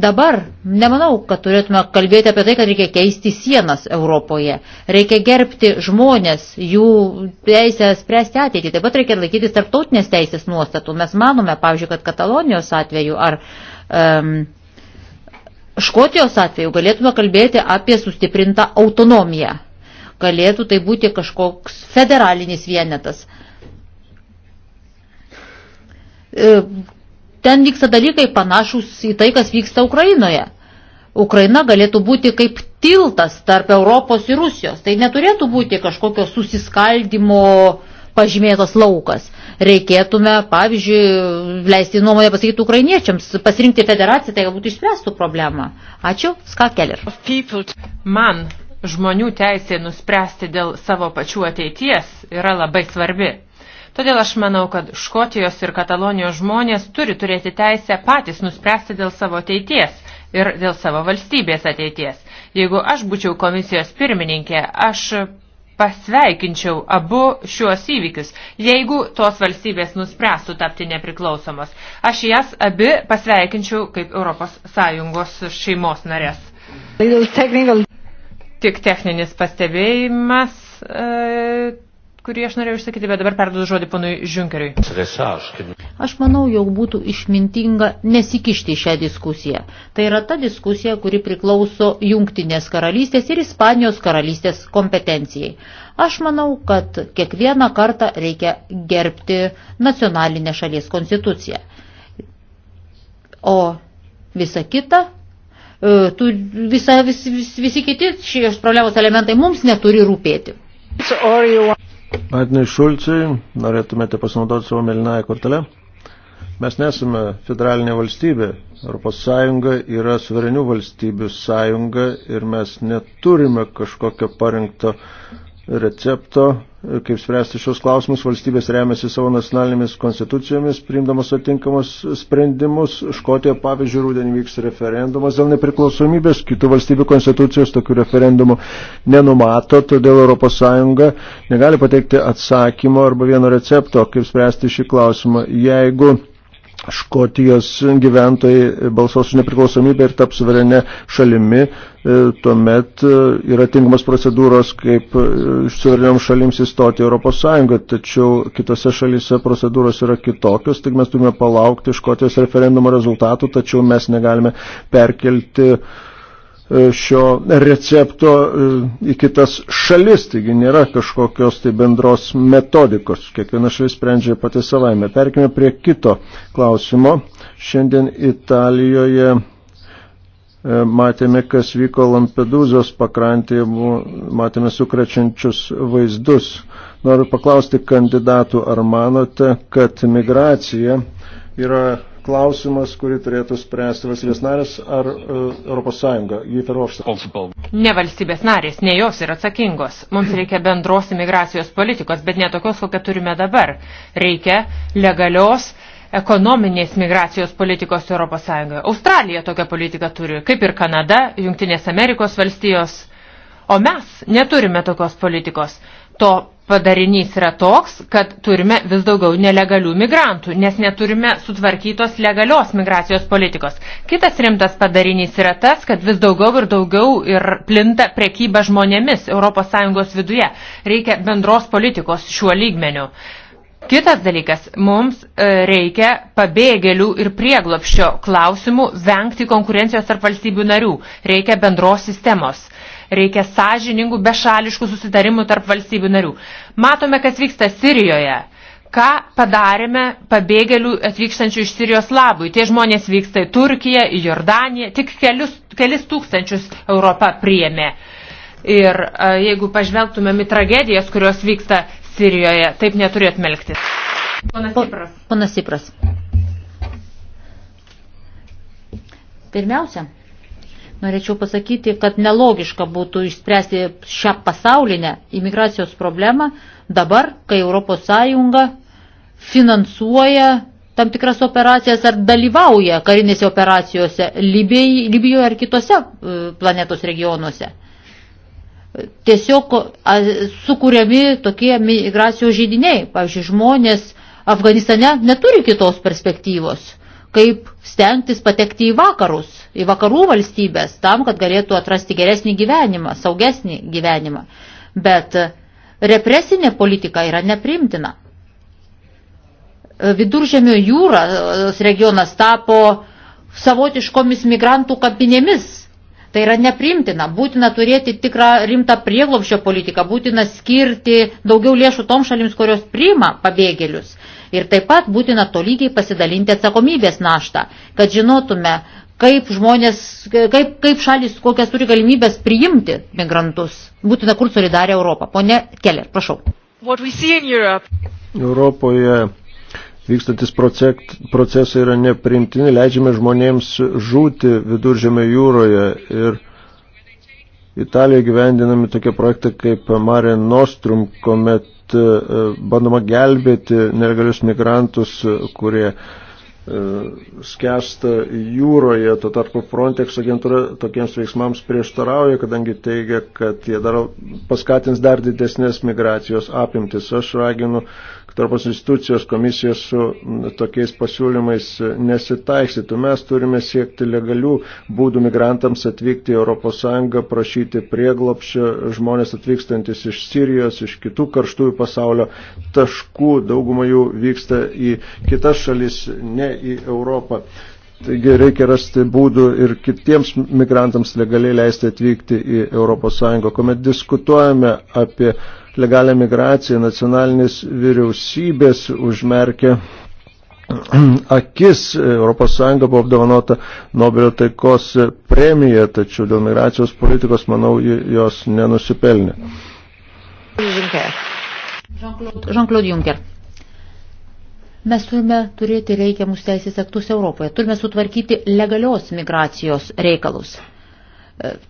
dabar nemanau, kad turėtume kalbėti apie tai, kad reikia keisti sienas Europoje. Reikia gerbti žmonės, jų teisę spręsti ateitį. Taip pat reikia laikytis tarptautinės teisės nuostatų. Mes manome, pavyzdžiui, kad Katalonijos atveju ar um, Škotijos atveju galėtume kalbėti apie sustiprintą autonomiją. Galėtų tai būti kažkoks federalinis vienetas. E, ten vyksta dalykai panašus į tai, kas vyksta Ukrainoje. Ukraina galėtų būti kaip tiltas tarp Europos ir Rusijos. Tai neturėtų būti kažkokio susiskaldimo pažymėtas laukas reikėtume, pavyzdžiui, leisti nuomonę pasakyti ukrainiečiams, pasirinkti federaciją, tai galbūt išspręstų problemą. Ačiū, Ska Keller. Man žmonių teisė nuspręsti dėl savo pačių ateities yra labai svarbi. Todėl aš manau, kad Škotijos ir Katalonijos žmonės turi turėti teisę patys nuspręsti dėl savo ateities ir dėl savo valstybės ateities. Jeigu aš būčiau komisijos pirmininkė, aš pasveikinčiau abu šiuos įvykius, jeigu tos valstybės nuspręstų tapti nepriklausomos. Aš jas abi pasveikinčiau kaip ES šeimos narės. Tik techninis pastebėjimas. E, kurį aš norėjau išsakyti, bet dabar perduodu žodį ponui Žiunkeriui. Aš manau, jog būtų išmintinga nesikišti į šią diskusiją. Tai yra ta diskusija, kuri priklauso Jungtinės karalystės ir Ispanijos karalystės kompetencijai. Aš manau, kad kiekvieną kartą reikia gerbti nacionalinę šalies konstituciją. O visa kita e, tu, visa, vis, vis, visi kiti šios problemos elementai mums neturi rūpėti. Martinai Šulcijai, norėtumėte pasinaudoti savo melinąją kortelę? Mes nesame federalinė valstybė. Europos Sąjunga yra suverenių valstybių sąjunga ir mes neturime kažkokio parinkto recepto kaip spręsti šios klausimus, valstybės remiasi savo nacionalinėmis konstitucijomis, priimdamas atinkamus sprendimus. Škotijoje, pavyzdžiui, rūdienį vyks referendumas dėl nepriklausomybės, kitų valstybių konstitucijos tokių referendumų nenumato, todėl ES negali pateikti atsakymo arba vieno recepto, kaip spręsti šį klausimą. Jeigu Škotijos gyventojai balsuos už nepriklausomybę ir taps suverenę šalimi, e, tuomet e, yra tinkamas procedūros, kaip e, suvereniam šalims įstoti Europos Sąjungą, tačiau kitose šalyse procedūros yra kitokios, tik mes turime palaukti Škotijos referendumo rezultatų, tačiau mes negalime perkelti uh, E, šio recepto e, į kitas šalis, taigi nėra kažkokios tai bendros metodikos. Kiekviena šalis sprendžia pati savaime. Perkime prie kito klausimo. Šiandien Italijoje e, matėme, kas vyko Lampedūzos pakrantėje, matėme sukrečiančius vaizdus. Noriu paklausti kandidatų, ar manote, kad migracija yra klausimas, kurį turėtų spręsti valstybės narės ar e, Europos Sąjunga. Ne valstybės narės, ne jos yra atsakingos. Mums reikia bendros imigracijos politikos, bet ne tokios, kokią turime dabar. Reikia legalios ekonominės migracijos politikos Europos Sąjungoje. Australija tokią politiką turi, kaip ir Kanada, Jungtinės Amerikos valstijos. O mes neturime tokios politikos. To padarinys yra toks, kad turime vis daugiau nelegalių migrantų, nes neturime sutvarkytos legalios migracijos politikos. Kitas rimtas padarinys yra tas, kad vis daugiau ir daugiau ir plinta prekyba žmonėmis ES viduje. Reikia bendros politikos šiuo lygmeniu. Kitas dalykas, mums e, reikia pabėgėlių ir prieglopščio klausimų vengti konkurencijos tarp valstybių narių. Reikia bendros sistemos Reikia sąžiningų, bešališkų susitarimų tarp valstybių narių. Matome, kas vyksta Sirijoje. Ką padarėme pabėgėlių atvykstančių iš Sirijos labui? Tie žmonės vyksta į Turkiją, į Jordaniją, tik kelius, kelis tūkstančius Europą priėmė. Ir e, jeigu pažvelgtumėm į tragedijas, kurios vyksta Sirijoje, taip neturėtume elgtis. Ponas Sipras. Ponas Sipras. Pirmiausia, Norėčiau pasakyti, kad nelogiška būtų išspręsti šią pasaulinę imigracijos problemą dabar, kai ES finansuoja tam tikras operacijas ar dalyvauja karinėse operacijose Libijoje, Libijoje ar kitose e, planetos regionuose. Tiesiog sukūrėmi tokie migracijos žydiniai. Pavyzdžiui, žmonės Afganistane neturi kitos perspektyvos kaip stengtis patekti į vakarus, į vakarų valstybės, tam, kad galėtų atrasti geresnį gyvenimą, saugesnį gyvenimą. Bet represinė politika yra neprimtina. Viduržėmio jūros regionas tapo savotiškomis migrantų kapinėmis. Tai yra neprimtina. Būtina turėti tikrą rimtą prieglobščio politiką, būtina skirti daugiau lėšų tom šalims, kurios priima pabėgėlius. Ir taip pat būtina tolygiai pasidalinti atsakomybės naštą, kad žinotume, kaip žmonės, kaip, kaip šalis, kokias turi galimybės priimti migrantus. Būtina kur solidarę Europą. Pone Keller, prašau. Europoje vykstantis procesai yra neprimtini, leidžiame žmonėms žūti viduržėme jūroje ir Italijoje gyvendinami tokie projektai kaip Mare Nostrum, kuomet E, bandoma gelbėti nelegalius migrantus, kurie e, skęsta jūroje, to tarpu Frontex agentūra tokiems veiksmams prieštarauja, kadangi teigia, kad jie dar paskatins dar didesnės migracijos apimtis. Aš raginu Europos institucijos komisija su tokiais pasiūlymais e, nesitaikstytų. Mes turime siekti legalių būdų migrantams atvykti į Europos Sąjungą, prašyti prieglopščio žmonės atvykstantis iš Sirijos, iš kitų karštųjų pasaulio taškų. Dauguma jų vyksta į kitas šalis, ne į Europą. Taigi reikia rasti būdų ir kitiems migrantams legaliai leisti atvykti į ES. Komet diskutuojame apie legalią migraciją, nacionalinės vyriausybės užmerkė akis. ES buvo apdovanota Nobelio taikos premija, tačiau dėl migracijos politikos, manau, jos nenusipelnė. Jean-Claude Juncker. Mes turime turėti reikiamus teisės aktus Europoje. Turime sutvarkyti legalios migracijos reikalus.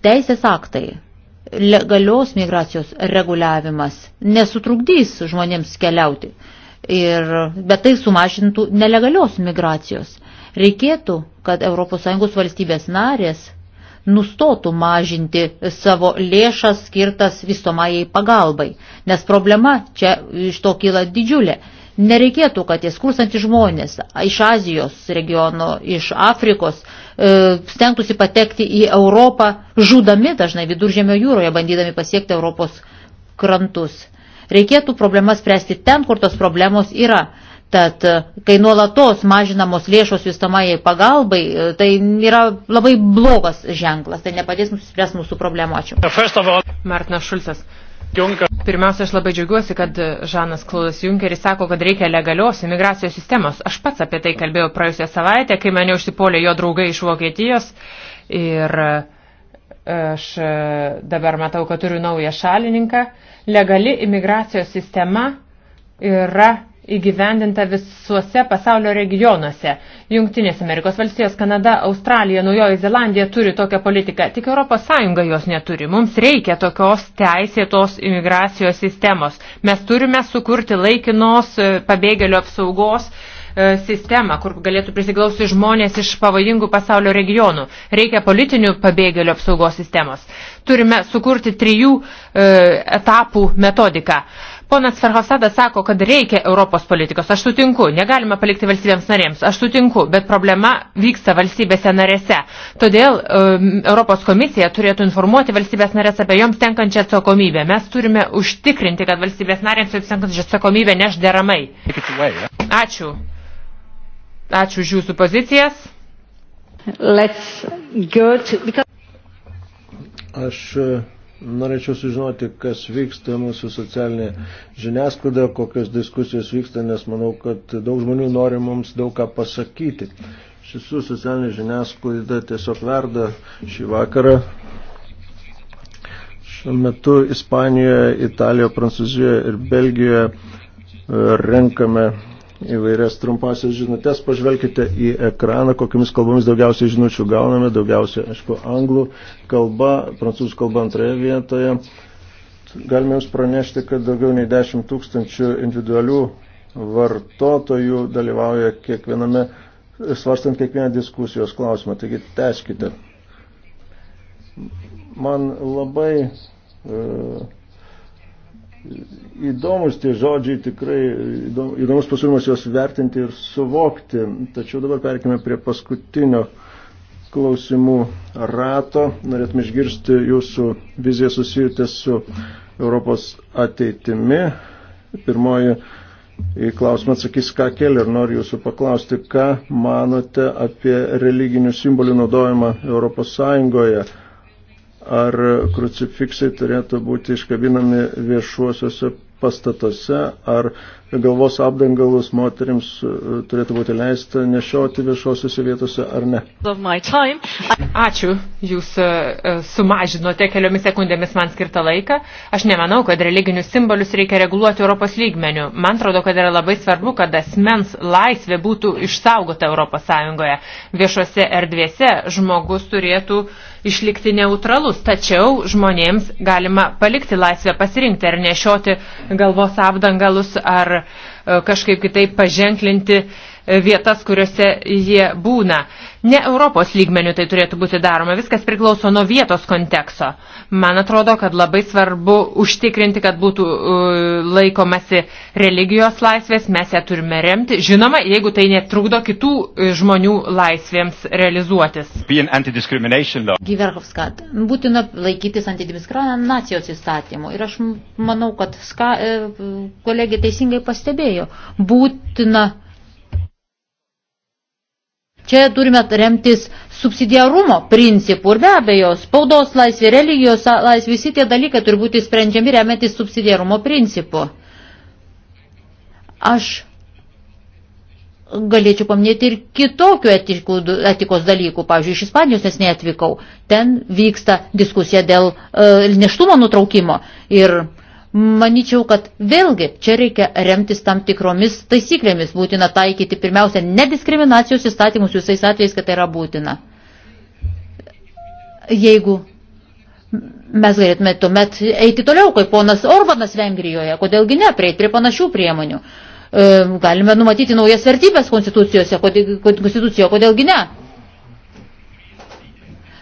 Teisės aktai legalios migracijos reguliavimas nesutrukdys žmonėms keliauti, ir, bet tai sumažintų nelegalios migracijos. Reikėtų, kad ES valstybės narės nustotų mažinti savo lėšas skirtas vystomajai pagalbai, nes problema čia iš to kyla didžiulė. Nereikėtų, kad tie skurstantys žmonės iš Azijos regiono, iš Afrikos e, stengtųsi patekti į Europą, žudami dažnai viduržėmio jūroje, bandydami pasiekti Europos krantus. Reikėtų problemas spręsti ten, kur tos problemos yra. Tad, e, kai nuolatos mažinamos lėšos vystamai pagalbai, e, tai yra labai blogas ženklas, tai nepadės mums spręs mūsų problemų. Ačiū. Martinas Šulcas. Pirmiausia, aš labai džiaugiuosi, kad Žanas Klaudas Junkeris sako, kad reikia legalios imigracijos sistemos. Aš pats apie tai kalbėjau praėjusią savaitę, kai mane užsipolė jo draugai iš Vokietijos. Ir e, aš e, dabar matau, kad turiu naują šalininką. Legali imigracijos sistema yra įgyvendinta visuose pasaulio regionuose. Junktinės Amerikos valstijos, Kanada, Australija, Naujoji Zelandija turi tokią politiką, tik ES jos neturi. Mums reikia tokios teisėtos imigracijos sistemos. Mes turime sukurti laikinos e, pabėgėlių apsaugos e, sistemą, kur galėtų prisiglausti žmonės iš pavojingų pasaulio regionų. Reikia politinių pabėgėlių apsaugos sistemos. Turime sukurti trijų e, etapų metodiką. E, Ponas Ferhosadas sako, kad reikia Europos politikos. Aš sutinku, negalima palikti valstybėms narėms. Aš sutinku, bet problema vyksta valstybėse narėse. Todėl um, Europos komisija turėtų informuoti valstybės narės apie joms tenkančią atsakomybę. Mes turime užtikrinti, kad valstybės narėms joms tenkančią atsakomybę neš deramai. Ačiū. Ačiū už jūsų pozicijas. Let's go to... Because... Aš uh Norėčiau sužinoti, kas vyksta mūsų socialinėje žiniasklaidoje, kokios diskusijos vyksta, nes manau, kad daug žmonių nori mums daug ką pasakyti. Šisų socialinė žiniasklaida tiesiog verda šį vakarą. Šiuo metu Ispanijoje, Italijoje, Prancūzijoje ir Belgijoje e, renkame įvairias trumpasias žinutės, pažvelkite į ekraną, kokiamis kalbomis daugiausiai žinučių gauname, daugiausiai, aišku, anglų kalba, prancūzų kalba antroje vietoje. Galime jums pranešti, kad daugiau nei 10 tūkstančių individualių vartotojų dalyvauja kiekviename, svarstant kiekvieną diskusijos klausimą. Taigi, teskite. Man labai uh, e, įdomus tie žodžiai, tikrai įdomus pasiūlymas juos vertinti ir suvokti. Tačiau dabar perkime prie paskutinio klausimų rato. Norėtume išgirsti jūsų viziją susijutę su Europos ateitimi. Pirmoji į klausimą atsakys Kakel ir noriu jūsų paklausti, ką manote apie religinių simbolių naudojimą Europos Sąjungoje ar krucifiksai turėtų būti iškabinami viešuosiuose pastatuose, ar galvos apdangalus moteriams e, turėtų būti leista nešioti viešuosiuose vietose ar ne. Ačiū, jūs e, e, sumažinote keliomis sekundėmis man skirtą laiką. Aš nemanau, kad religinius simbolius reikia reguliuoti Europos lygmenių. Man atrodo, kad yra labai svarbu, kad asmens laisvė būtų išsaugota Europos Sąjungoje. Viešose erdvėse žmogus turėtų uh, išlikti neutralus, tačiau žmonėms galima palikti laisvę pasirinkti ar nešioti galvos apdangalus ar e, kažkaip kitaip paženklinti uh, vietas, kuriuose jie būna. Ne Europos lygmenių tai turėtų būti daroma, viskas priklauso nuo vietos konteksto. Man atrodo, kad labai svarbu užtikrinti, kad būtų uh, laikomasi religijos laisvės, mes ją turime remti. Žinoma, jeigu tai netrukdo kitų uh, žmonių laisvėms realizuotis. Giverhovskat, būtina laikytis antidiskriminacijos įstatymų. Ir aš manau, kad ska, e, kolegė teisingai pastebėjo, būtina Čia turime remtis subsidiarumo principų ir be abejo spaudos laisvė, religijos laisvė, visi tie dalykai turi būti sprendžiami remiantis subsidiarumo principu. Aš galėčiau paminėti ir kitokių etikų, etikos dalykų. Pavyzdžiui, iš Ispanijos nes neatvykau. Ten vyksta diskusija dėl e, neštumo nutraukimo. Ir Maničiau, kad vėlgi čia reikia remtis tam tikromis taisyklėmis, būtina taikyti pirmiausia nediskriminacijos įstatymus visais atvejais, kad tai yra būtina. Jeigu mes galėtume tuomet eiti toliau, kaip ponas Orbanas Vengrijoje, kodėlgi ne, prieiti prie panašių priemonių. E, galime numatyti naujas vertybės konstitucijose, kodėl, konstitucijoje, kodėlgi ne.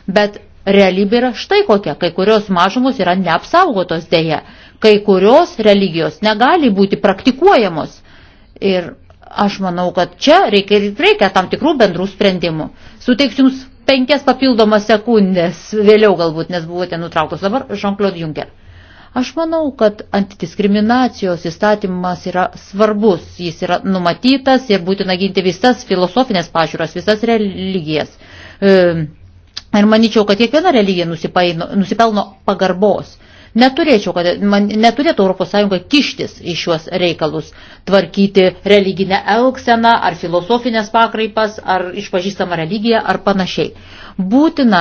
Bet realybė yra štai kokia, kai kurios mažumos yra neapsaugotos dėja, kai kurios religijos negali būti praktikuojamos. Ir aš manau, kad čia reikia, reikia tam tikrų bendrų sprendimų. Suteiksiu Jums penkias papildomas sekundės, vėliau galbūt, nes buvote nutrauktos dabar, Jean-Claude Juncker. Aš manau, kad antidiskriminacijos įstatymas yra svarbus, jis yra numatytas ir būtina ginti visas filosofinės pažiūras, visas religijas. Ehm, ir manyčiau, kad kiekviena religija nusipelno pagarbos. Neturėčiau, kad man neturėtų ES kištis į šiuos reikalus, tvarkyti religinę elkseną ar filosofinės pakraipas, ar išpažįstamą religiją ar panašiai. Būtina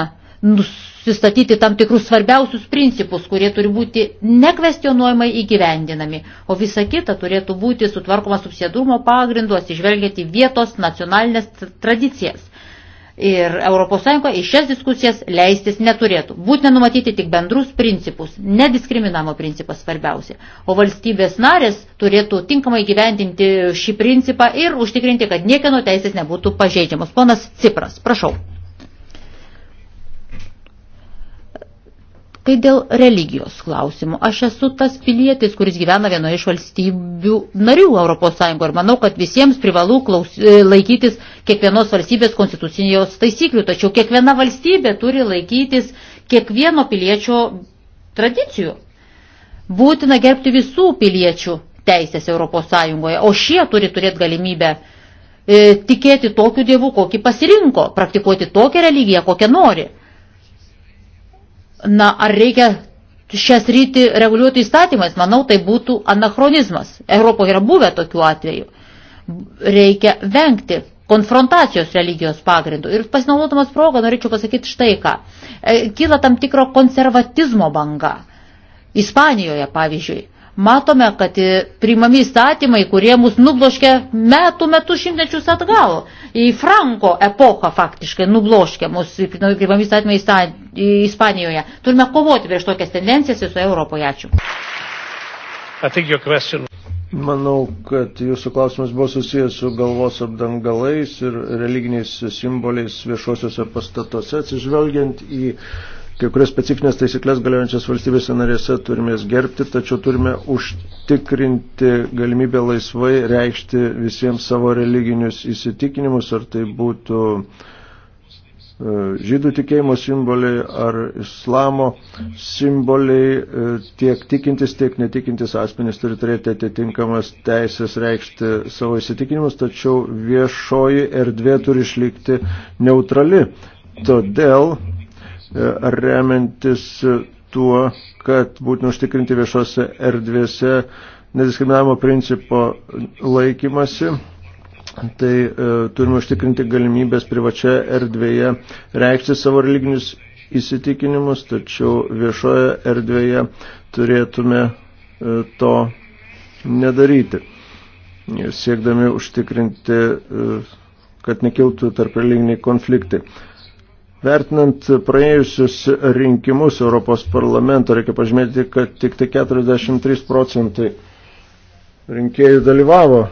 nusistatyti tam tikrus svarbiausius principus, kurie turi būti nekvestionuojamai įgyvendinami, o visa kita turėtų būti sutvarkoma subsidumo pagrindu, atsižvelgiant į vietos nacionalinės tradicijas ir ES į šias diskusijas leistis neturėtų. Būtina numatyti tik bendrus principus, nediskriminamo principas svarbiausia. O valstybės narės turėtų tinkamai gyventinti šį principą ir užtikrinti, kad niekieno teisės nebūtų pažeidžiamos. Ponas Cipras, prašau. Kai dėl religijos klausimų, aš esu tas pilietis, kuris gyvena vienoje iš valstybių narių ES ir manau, kad visiems privalu klaus, e, laikytis kiekvienos valstybės konstitucinijos taisyklių, tačiau kiekviena valstybė turi laikytis kiekvieno piliečio tradicijų. Būtina gerbti visų piliečių teisės ES, o šie turi turėti galimybę e, tikėti tokiu dievu, kokį pasirinko, praktikuoti tokią religiją, kokią nori. Na, ar reikia šias rytį reguliuoti įstatymais? Manau, tai būtų anachronizmas. Europoje yra buvę tokių atvejų. Reikia vengti konfrontacijos religijos pagrindų. Ir pasinaudodamas progą norėčiau pasakyti štai ką. E, kyla tam tikro konservatizmo banga. Ispanijoje, pavyzdžiui, matome, kad priimami įstatymai, kurie mus nubloškia metų metų šimtmečius atgal. Į Franko epochą faktiškai nubloškia mus nu, priimami įstatymai Ispanijoje. Turime kovoti prieš tokias tendencijas visoje Europoje. Ačiū. Manau, kad jūsų klausimas buvo susijęs su galvos apdangalais ir religiniais simboliais viešuosiuose pastatuose, atsižvelgiant į Kai kurias specifinės taisyklės galiojančias valstybėse narėse turime gerbti, tačiau turime užtikrinti galimybę laisvai reikšti visiems savo religinius įsitikinimus, ar tai būtų e, žydų tikėjimo simboliai ar islamo simboliai, e, tiek tikintis, tiek netikintis asmenys turi turėti atitinkamas teisės reikšti savo įsitikinimus, tačiau viešoji erdvė turi išlikti neutrali. Todėl E, remiantis tuo, kad būtina užtikrinti viešose erdvėse nediskriminavimo principo laikymasi. Tai e, turime užtikrinti galimybės privačioje erdvėje reikšti savo religinius įsitikinimus, tačiau viešoje erdvėje turėtume e, to nedaryti, siekdami užtikrinti, e, kad nekiltų tarp religiniai konfliktai. E, Vertinant praėjusius rinkimus Europos parlamento, reikia pažymėti, kad tik tai 43 procentai rinkėjų dalyvavo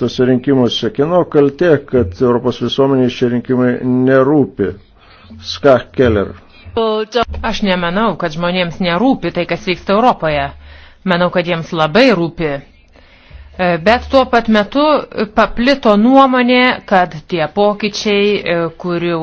tose rinkimuose. Kieno kaltė, kad Europos visuomeniai šie rinkimai nerūpi? Ska Keller. Aš nemanau, kad žmonėms nerūpi tai, kas vyksta Europoje. Manau, kad jiems labai rūpi E, bet tuo pat metu paplito nuomonė, kad tie pokyčiai, e, kurių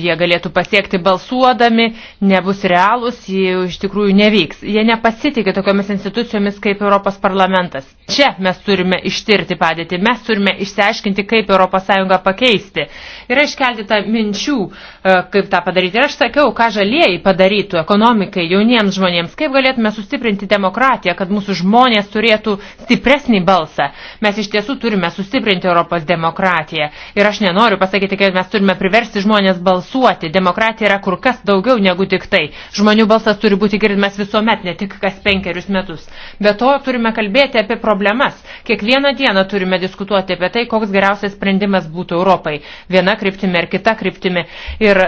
jie galėtų pasiekti balsuodami, nebus realūs, jie iš tikrųjų nevyks. Jie nepasitikė tokiomis institucijomis kaip Europos parlamentas. Čia mes turime ištirti padėtį, mes turime išsiaiškinti, kaip ES pakeisti. Yra iškelti tą minčių, e, kaip tą padaryti. Ir aš sakiau, ką žalieji padarytų ekonomikai, jauniems žmonėms, kaip galėtume sustiprinti demokratiją, kad mūsų žmonės turėtų stipresnį balsą balsą. Mes iš tiesų turime sustiprinti Europos demokratiją. Ir aš nenoriu pasakyti, kad mes turime priversti žmonės balsuoti. Demokratija yra kur kas daugiau negu tik tai. Žmonių balsas turi būti girdimas visuomet, ne tik kas penkerius metus. Be to turime kalbėti apie problemas. Kiekvieną dieną turime diskutuoti apie tai, koks geriausias sprendimas būtų Europai. Viena kryptimi ar kita kryptimi. Ir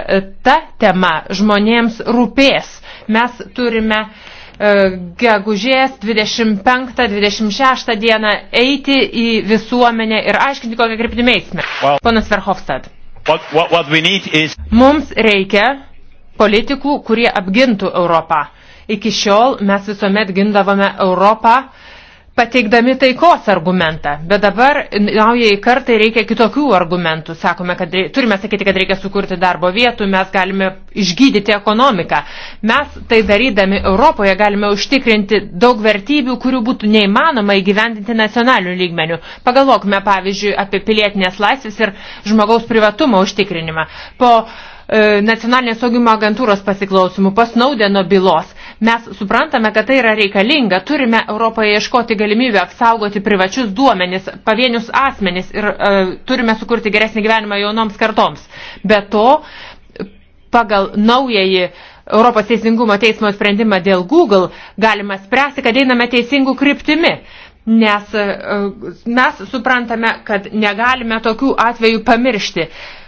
ta tema žmonėms rūpės. Mes turime uh, E, gegužės 25-26 dieną eiti į visuomenę ir aiškinti, kokią kryptimį eisime. Well, Ponas Verhofstad. What, what, what we need is... Mums reikia politikų, kurie apgintų Europą. Iki šiol mes visuomet gindavome Europą uh, pateikdami taikos argumentą. Bet dabar naujai kartai reikia kitokių argumentų. Sakome, kad turime sakyti, kad reikia sukurti darbo vietų, mes galime išgydyti ekonomiką. Mes tai darydami Europoje galime užtikrinti daug vertybių, kurių būtų neįmanoma įgyvendinti nacionalinių lygmenių. Pagalvokime, pavyzdžiui, apie pilietinės laisvės ir žmogaus privatumo užtikrinimą. Po e, nacionalinės saugimo agentūros pasiklausimų, pasnaudeno bylos. Mes suprantame, kad tai yra reikalinga. Turime Europoje ieškoti galimybę apsaugoti privačius duomenis, pavienius asmenis ir e, turime sukurti geresnį gyvenimą jaunoms kartoms. Be to, pagal naująjį Europos teisingumo teismo sprendimą dėl Google galima spręsti, kad einame teisingų kryptimi. Nes e, mes suprantame, kad negalime tokių atvejų pamiršti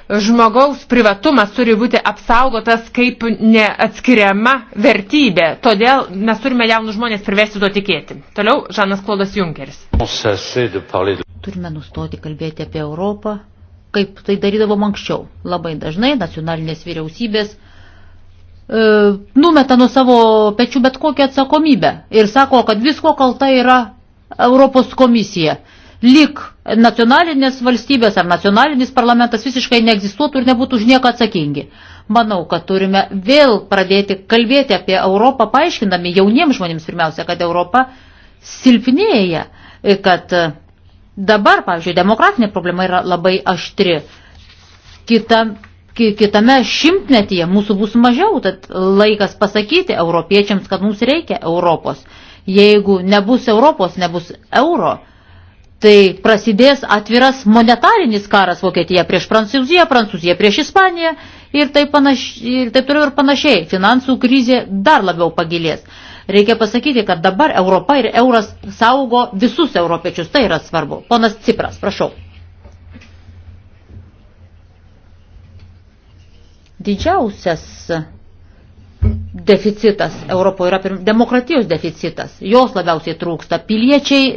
žmogaus privatumas turi būti apsaugotas kaip neatskiriama vertybė. Todėl mes turime jaunus žmonės privesti to tikėti. Toliau Žanas Klodas Junkeris. Turime nustoti kalbėti apie Europą, kaip tai darydavom anksčiau. Labai dažnai nacionalinės vyriausybės e, numeta nuo savo pečių bet kokią atsakomybę ir sako, kad visko kalta yra Europos komisija lik nacionalinės valstybės ar nacionalinis parlamentas visiškai neegzistuotų ir nebūtų už nieką atsakingi. Manau, kad turime vėl pradėti kalbėti apie Europą, paaiškindami jauniems žmonėms pirmiausia, kad Europa silpnėja, kad dabar, pavyzdžiui, demokratinė problema yra labai aštri. Kita, kitame šimtmetyje mūsų bus mažiau, tad laikas pasakyti europiečiams, kad mums reikia Europos. Jeigu nebus Europos, nebus euro tai prasidės atviras monetarinis karas Vokietija prieš Prancūziją, Prancūziją prieš Ispaniją ir taip, panašiai, ir taip toliau ir panašiai. Finansų krizė dar labiau pagilės. Reikia pasakyti, kad dabar Europa ir euras saugo visus europiečius. Tai yra svarbu. Ponas Cipras, prašau. Didžiausias deficitas Europoje yra pirm... demokratijos deficitas. Jos labiausiai trūksta. Piliečiai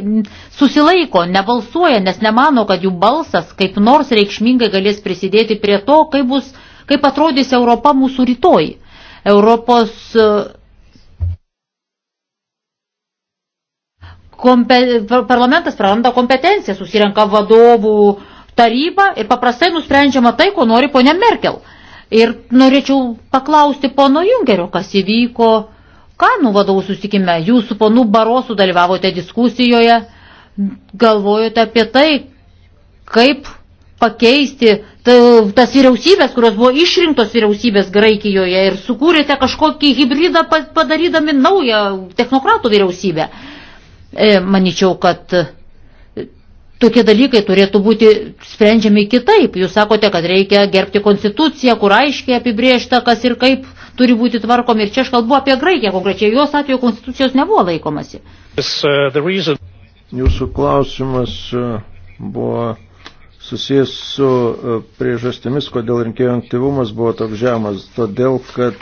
susilaiko, nebalsuoja, nes nemano, kad jų balsas kaip nors reikšmingai galės prisidėti prie to, kaip, bus, kaip atrodys Europa mūsų rytoj. Europos e, kompe... parlamentas praranda kompetenciją, susirenka vadovų tarybą ir paprastai nusprendžiama tai, ko nori ponia Merkel. Ir norėčiau paklausti pono Junkerio, kas įvyko Kanų nu vadovų susitikime. Jūs su ponu Barosu dalyvavote diskusijoje, galvojote apie tai, kaip pakeisti tas vyriausybės, kurios buvo išrinktos vyriausybės Graikijoje ir sukūrėte kažkokį hybridą padarydami naują technokratų vyriausybę. E, Maničiau, kad tokie dalykai turėtų būti sprendžiami kitaip. Jūs sakote, kad reikia gerbti konstituciją, kur aiškiai apibriešta, kas ir kaip turi būti tvarkomi. Ir čia aš kalbu apie Graikiją konkrečiai. Jos atveju konstitucijos nebuvo laikomasi. Uh, Jūsų klausimas uh, buvo susijęs su uh, priežastimis, kodėl rinkėjų aktyvumas buvo toks žemas. Todėl, kad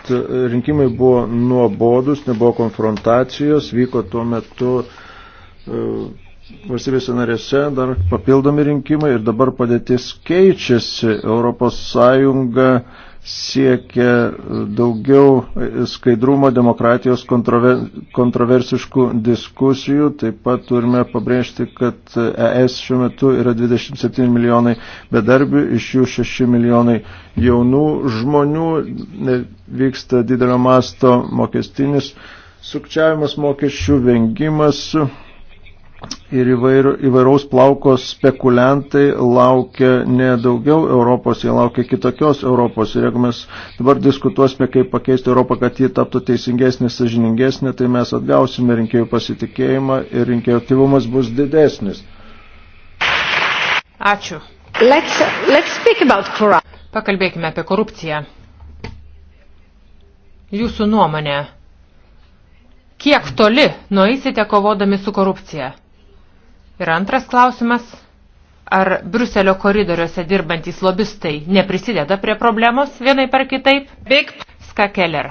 rinkimai buvo nuobodus, nebuvo konfrontacijos, vyko tuo metu valstybėse narėse dar papildomi rinkimai ir dabar padėtis keičiasi. Europos Sąjunga siekia e, daugiau e, skaidrumo, demokratijos kontrover, kontroversiškų diskusijų. Taip pat turime pabrėžti, kad ES e šiuo metu yra 27 milijonai bedarbių, iš jų 6 milijonai jaunų žmonių. Vyksta didelio masto mokestinis sukčiavimas, mokesčių vengimas ir įvair, įvairaus plaukos spekuliantai laukia ne daugiau Europos, jie laukia kitokios Europos. Ir jeigu mes dabar diskutuosime, kaip pakeisti Europą, kad ji taptų teisingesnė, sažiningesnė, tai mes atgausime rinkėjų pasitikėjimą ir rinkėjų aktyvumas bus didesnis. Ačiū. Let's, let's speak about corruption. Pakalbėkime apie korupciją. Jūsų nuomonė, kiek toli nueisite kovodami su korupcija? Ir antras klausimas, ar Bruselio koridoriuose dirbantys lobistai neprisideda prie problemos vienai par kitaip? Big Skakeller.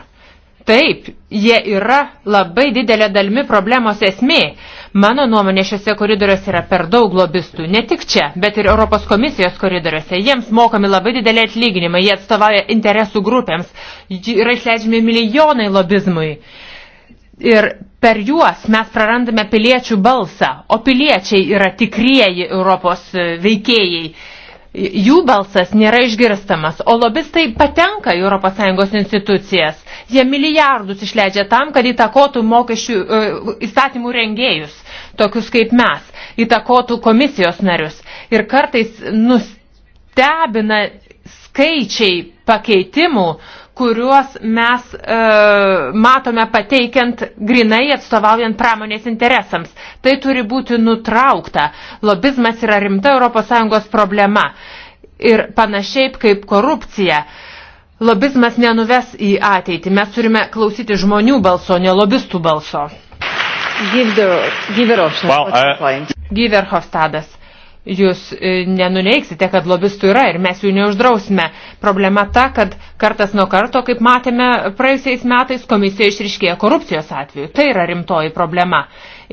Taip, jie yra labai didelė dalmi problemos esmė. Mano nuomonė šiuose koridoriuose yra per daug lobistų. Ne tik čia, bet ir Europos komisijos koridoriuose. Jiems mokami labai didelė atlyginimai, jie atstovauja interesų grupėms, yra išleidžiami milijonai lobizmui. Ir per juos mes prarandame piliečių balsą, o piliečiai yra tikrieji Europos e, veikėjai. Jų balsas nėra išgirstamas, o lobistai patenka į ES institucijas. Jie milijardus išleidžia tam, kad įtakotų mokesčių e, įstatymų rengėjus, tokius kaip mes, įtakotų komisijos narius. Ir kartais nustebina skaičiai pakeitimų, kuriuos mes e, matome pateikiant grinai atstovaujant pramonės interesams. Tai turi būti nutraukta. Lobizmas yra rimta ES problema. Ir panašiai kaip korupcija. Lobizmas nenuves į ateitį. Mes turime klausyti žmonių balso, ne lobistų balso. Uh, Giverhofstadas jūs e, nenuneiksite, kad lobistų yra ir mes jų neuždrausime. Problema ta, kad kartas nuo karto, kaip matėme praėjusiais metais, komisija išriškėjo korupcijos atveju. Tai yra rimtoji problema.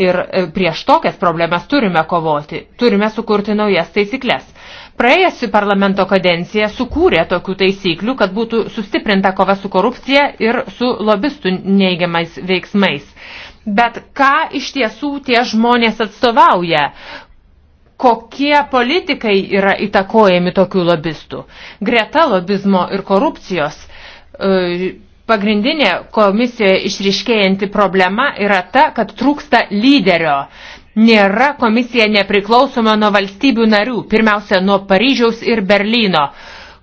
Ir e, prieš tokias problemas turime kovoti, turime sukurti naujas taisyklės. Praėjusi parlamento kadencija sukūrė tokių taisyklių, kad būtų sustiprinta kova su korupcija ir su lobistų neigiamais veiksmais. Bet ką iš tiesų tie žmonės atstovauja, kokie politikai yra įtakojami tokių lobistų. Greta lobizmo ir korupcijos e, pagrindinė komisijoje išriškėjanti problema yra ta, kad trūksta lyderio. Nėra komisija nepriklausoma nuo valstybių narių, pirmiausia, nuo Paryžiaus ir Berlyno.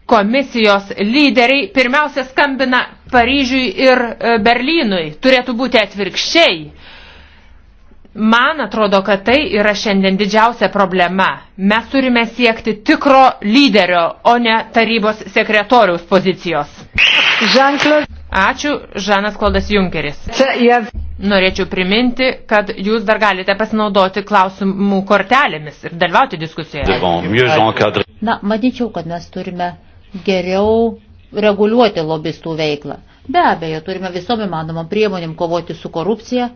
Komisijos lyderiai pirmiausia skambina Paryžiui ir e, Berlynui. Turėtų būti atvirkščiai. Man atrodo, kad tai yra šiandien didžiausia problema. Mes turime siekti tikro lyderio, o ne tarybos sekretoriaus pozicijos. Ačiū, Žanas Klodas Junkeris. Norėčiau priminti, kad jūs dar galite pasinaudoti klausimų kortelėmis ir dalyvauti diskusijoje. Na, manyčiau, kad mes turime geriau reguliuoti lobistų veiklą. Be abejo, turime visom įmanomam priemonėm kovoti su korupcija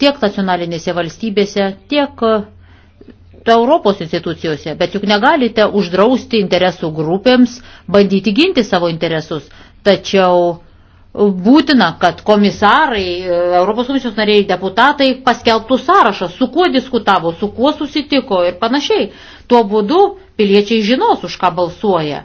tiek nacionalinėse valstybėse, tiek e, Europos institucijose, bet juk negalite uždrausti interesų grupėms bandyti ginti savo interesus. Tačiau e, būtina, kad komisarai, e, Europos komisijos nariai, deputatai paskelbtų sąrašą, su kuo diskutavo, su kuo susitiko ir panašiai. Tuo būdu piliečiai žinos, už ką balsuoja.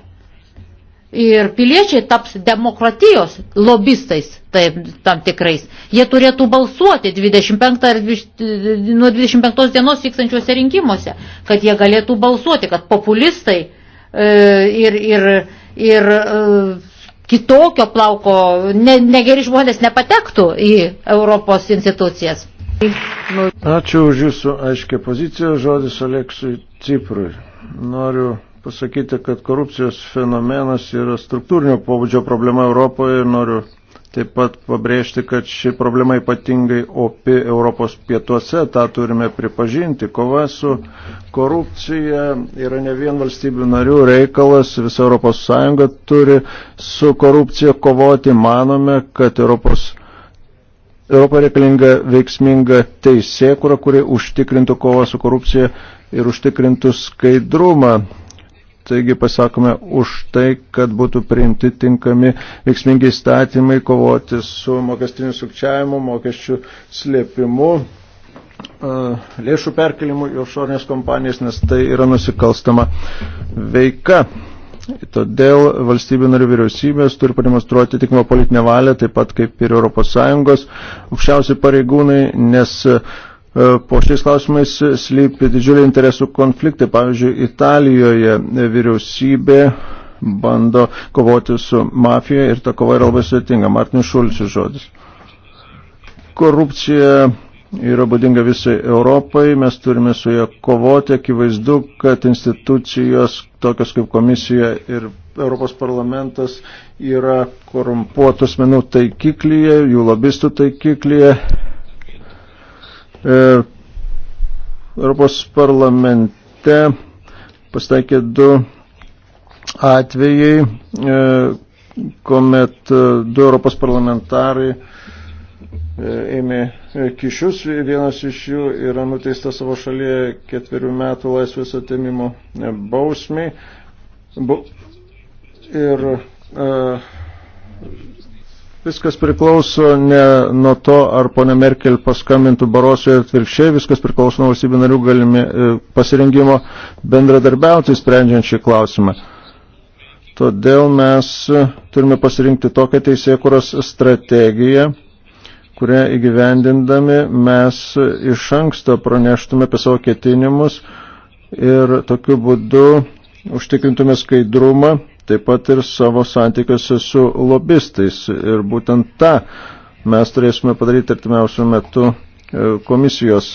Ir piliečiai taps demokratijos lobistais, taip, tam tikrais. Jie turėtų balsuoti 25 ar 20, nuo 25 dienos vykstančiuose rinkimuose, kad jie galėtų balsuoti, kad populistai e, ir, ir, ir e, kitokio plauko ne, negeri žmonės nepatektų į Europos institucijas. Ačiū už Jūsų aiškę poziciją, žodis Aleksui Ciprui. Noriu pasakyti, kad korupcijos fenomenas yra struktūrinio pobūdžio problema Europoje ir noriu Taip pat pabrėžti, kad ši problema ypatingai opi Europos pietuose, tą turime pripažinti. Kova su korupcija yra ne vien valstybių narių reikalas, visa Europos Sąjunga turi su korupcija kovoti. Manome, kad Europos Europa reikalinga veiksminga teisė, kuri užtikrintų kovą su korupcija ir užtikrintų skaidrumą. Taigi pasakome už tai, kad būtų priimti tinkami veiksmingi įstatymai kovoti su mokestiniu sukčiavimu, mokesčių slėpimu, e, lėšų perkelimu į offshore kompanijas, nes tai yra nusikalstama veika. Todėl valstybių narių vyriausybės turi pademonstruoti tikimą politinę valią, taip pat kaip ir ES aukščiausi pareigūnai, nes E, po šiais klausimais slypi didžiuliai interesų konfliktai. Pavyzdžiui, Italijoje vyriausybė bando kovoti su mafija ir ta kova yra labai sudėtinga. Martinis Šulcis žodis. Korupcija yra būdinga visai Europai, mes turime su ją kovoti, akivaizdu, kad institucijos, tokios kaip komisija ir Europos parlamentas, yra korumpuotų asmenų taikiklyje, jų lobistų taikiklyje E, Europos parlamente pasitaikė du atvejai, e, kuomet e, du Europos parlamentarai ėmė kišius. Vienas iš jų yra nuteistas savo šalyje ketverių metų laisvės atėmimo bausmiai. Bu, ir uh, Viskas priklauso ne nuo to, ar ponia Merkel paskambintų Barosui atvirkščiai, viskas priklauso nuo valstybių narių galimi, e, pasirengimo bendradarbiauti sprendžiant šį klausimą. Todėl mes turime pasirinkti tokią teisėkuros strategiją, kurią įgyvendindami mes iš anksto praneštume apie savo ketinimus ir tokiu būdu užtikrintume skaidrumą taip pat ir savo santykiuose su lobistais. Ir būtent tą mes turėsime padaryti artimiausių metų e, komisijos.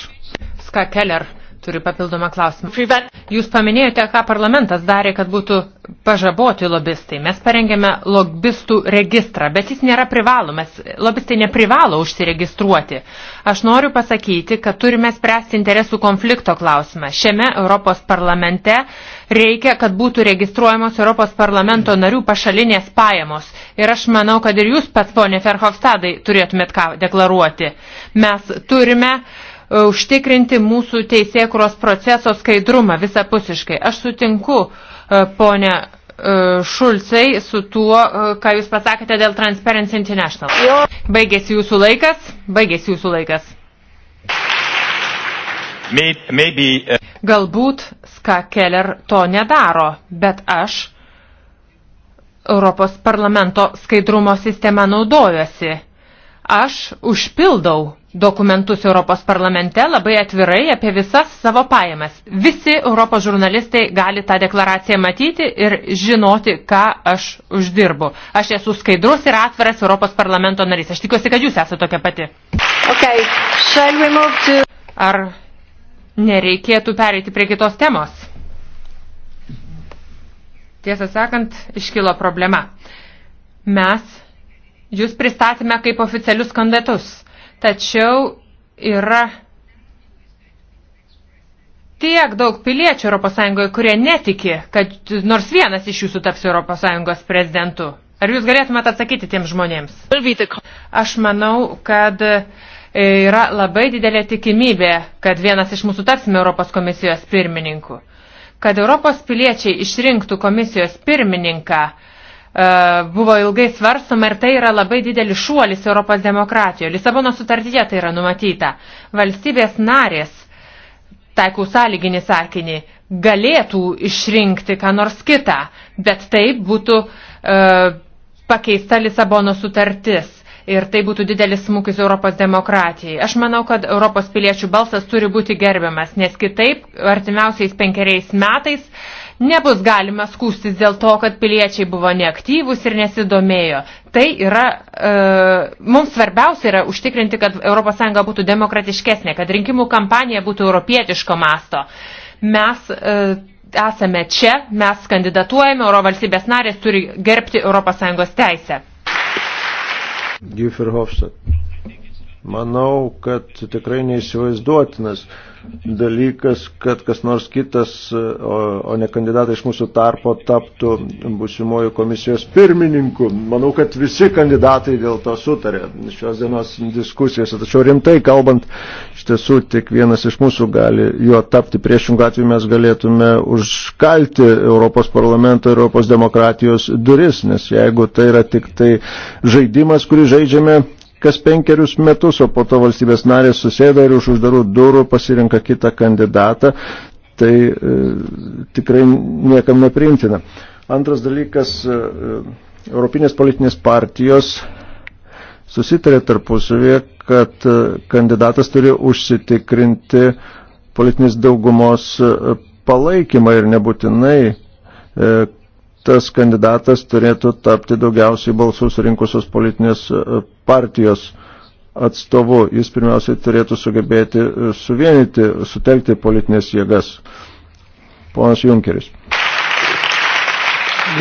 Ska Keller Turiu papildomą klausimą. Jūs paminėjote, ką parlamentas darė, kad būtų pažaboti lobistai. Mes parengėme lobistų registrą, bet jis nėra privalomas. Lobistai neprivalo užsiregistruoti. Aš noriu pasakyti, kad turime spręsti interesų konflikto klausimą. Šiame Europos parlamente reikia, kad būtų registruojamos Europos parlamento narių pašalinės pajamos. Ir aš manau, kad ir jūs pats, ponė Ferhofstadai, turėtumėt ką deklaruoti. Mes turime uh, E, užtikrinti mūsų teisėkuros proceso skaidrumą visapusiškai. Aš sutinku, e, ponė e, Šulcai, su tuo, ką jūs pasakėte dėl Transparency International. Baigėsi jūsų laikas, baigėsi jūsų laikas. Maybe, uh... Galbūt Ska Keller to nedaro, bet aš Europos parlamento skaidrumo sistema naudojuosi. Aš užpildau dokumentus Europos parlamente labai atvirai apie visas savo pajamas. Visi Europos žurnalistai gali tą deklaraciją matyti ir žinoti, ką aš uždirbu. Aš esu skaidrus ir atviras Europos parlamento narys. Aš tikiuosi, kad jūs esate tokia pati. Okay. To... Ar nereikėtų pereiti prie kitos temos? Tiesą sakant, iškilo problema. Mes jūs pristatėme kaip oficialius kandidatus Tačiau yra tiek daug piliečių ES, kurie netiki, kad nors vienas iš jūsų taps ES prezidentu. Ar jūs galėtumėte atsakyti tiems žmonėms? Aš manau, kad e, yra labai didelė tikimybė, kad vienas iš mūsų tapsime Europos komisijos pirmininku. Kad Europos piliečiai išrinktų komisijos pirmininką, E, buvo ilgai svarstoma ir tai yra labai didelis šuolis Europos demokratijoje. Lisabono sutartyje tai yra numatyta. Valstybės narės, taikų sąlyginį sakinį, galėtų išrinkti ką nors kitą, bet tai būtų e, pakeista Lisabono sutartis. Ir tai būtų didelis smūgis Europos demokratijai. Aš manau, kad Europos piliečių balsas turi būti gerbiamas, nes kitaip artimiausiais penkeriais metais uh, Nebus galima skūstis dėl to, kad piliečiai buvo neaktyvūs ir nesidomėjo. Tai yra, e, mums svarbiausia yra užtikrinti, kad ES būtų demokratiškesnė, kad rinkimų kampanija būtų europietiško masto. Mes e, esame čia, mes kandidatuojame, Euro valstybės narės turi gerbti ES teisę. Giefer Hofstadt. Manau, kad tikrai neįsivaizduotinas dalykas, kad kas nors kitas, o, o ne kandidatai iš mūsų tarpo, taptų būsimojo komisijos pirmininku. Manau, kad visi kandidatai dėl to sutarė šios dienos diskusijose. Tačiau rimtai kalbant, iš tiesų tik vienas iš mūsų gali juo tapti. Priešingų atveju mes galėtume užkalti Europos parlamento, Europos demokratijos duris, nes jeigu tai yra tik tai žaidimas, kurį žaidžiame kas penkerius metus, o po to valstybės narės susėda ir už uždarų durų pasirenka kitą kandidatą, tai e, tikrai niekam nepriimtina. Antras dalykas, e, e Europinės politinės partijos susitarė tarpusavėje, kad e, kandidatas turi užsitikrinti politinės daugumos e, palaikymą ir nebūtinai tas kandidatas turėtų tapti daugiausiai balsų surinkusios politinės e, partijos atstovu. Jis pirmiausiai turėtų sugebėti e, suvienyti, sutelkti politinės jėgas. Ponas Junkeris.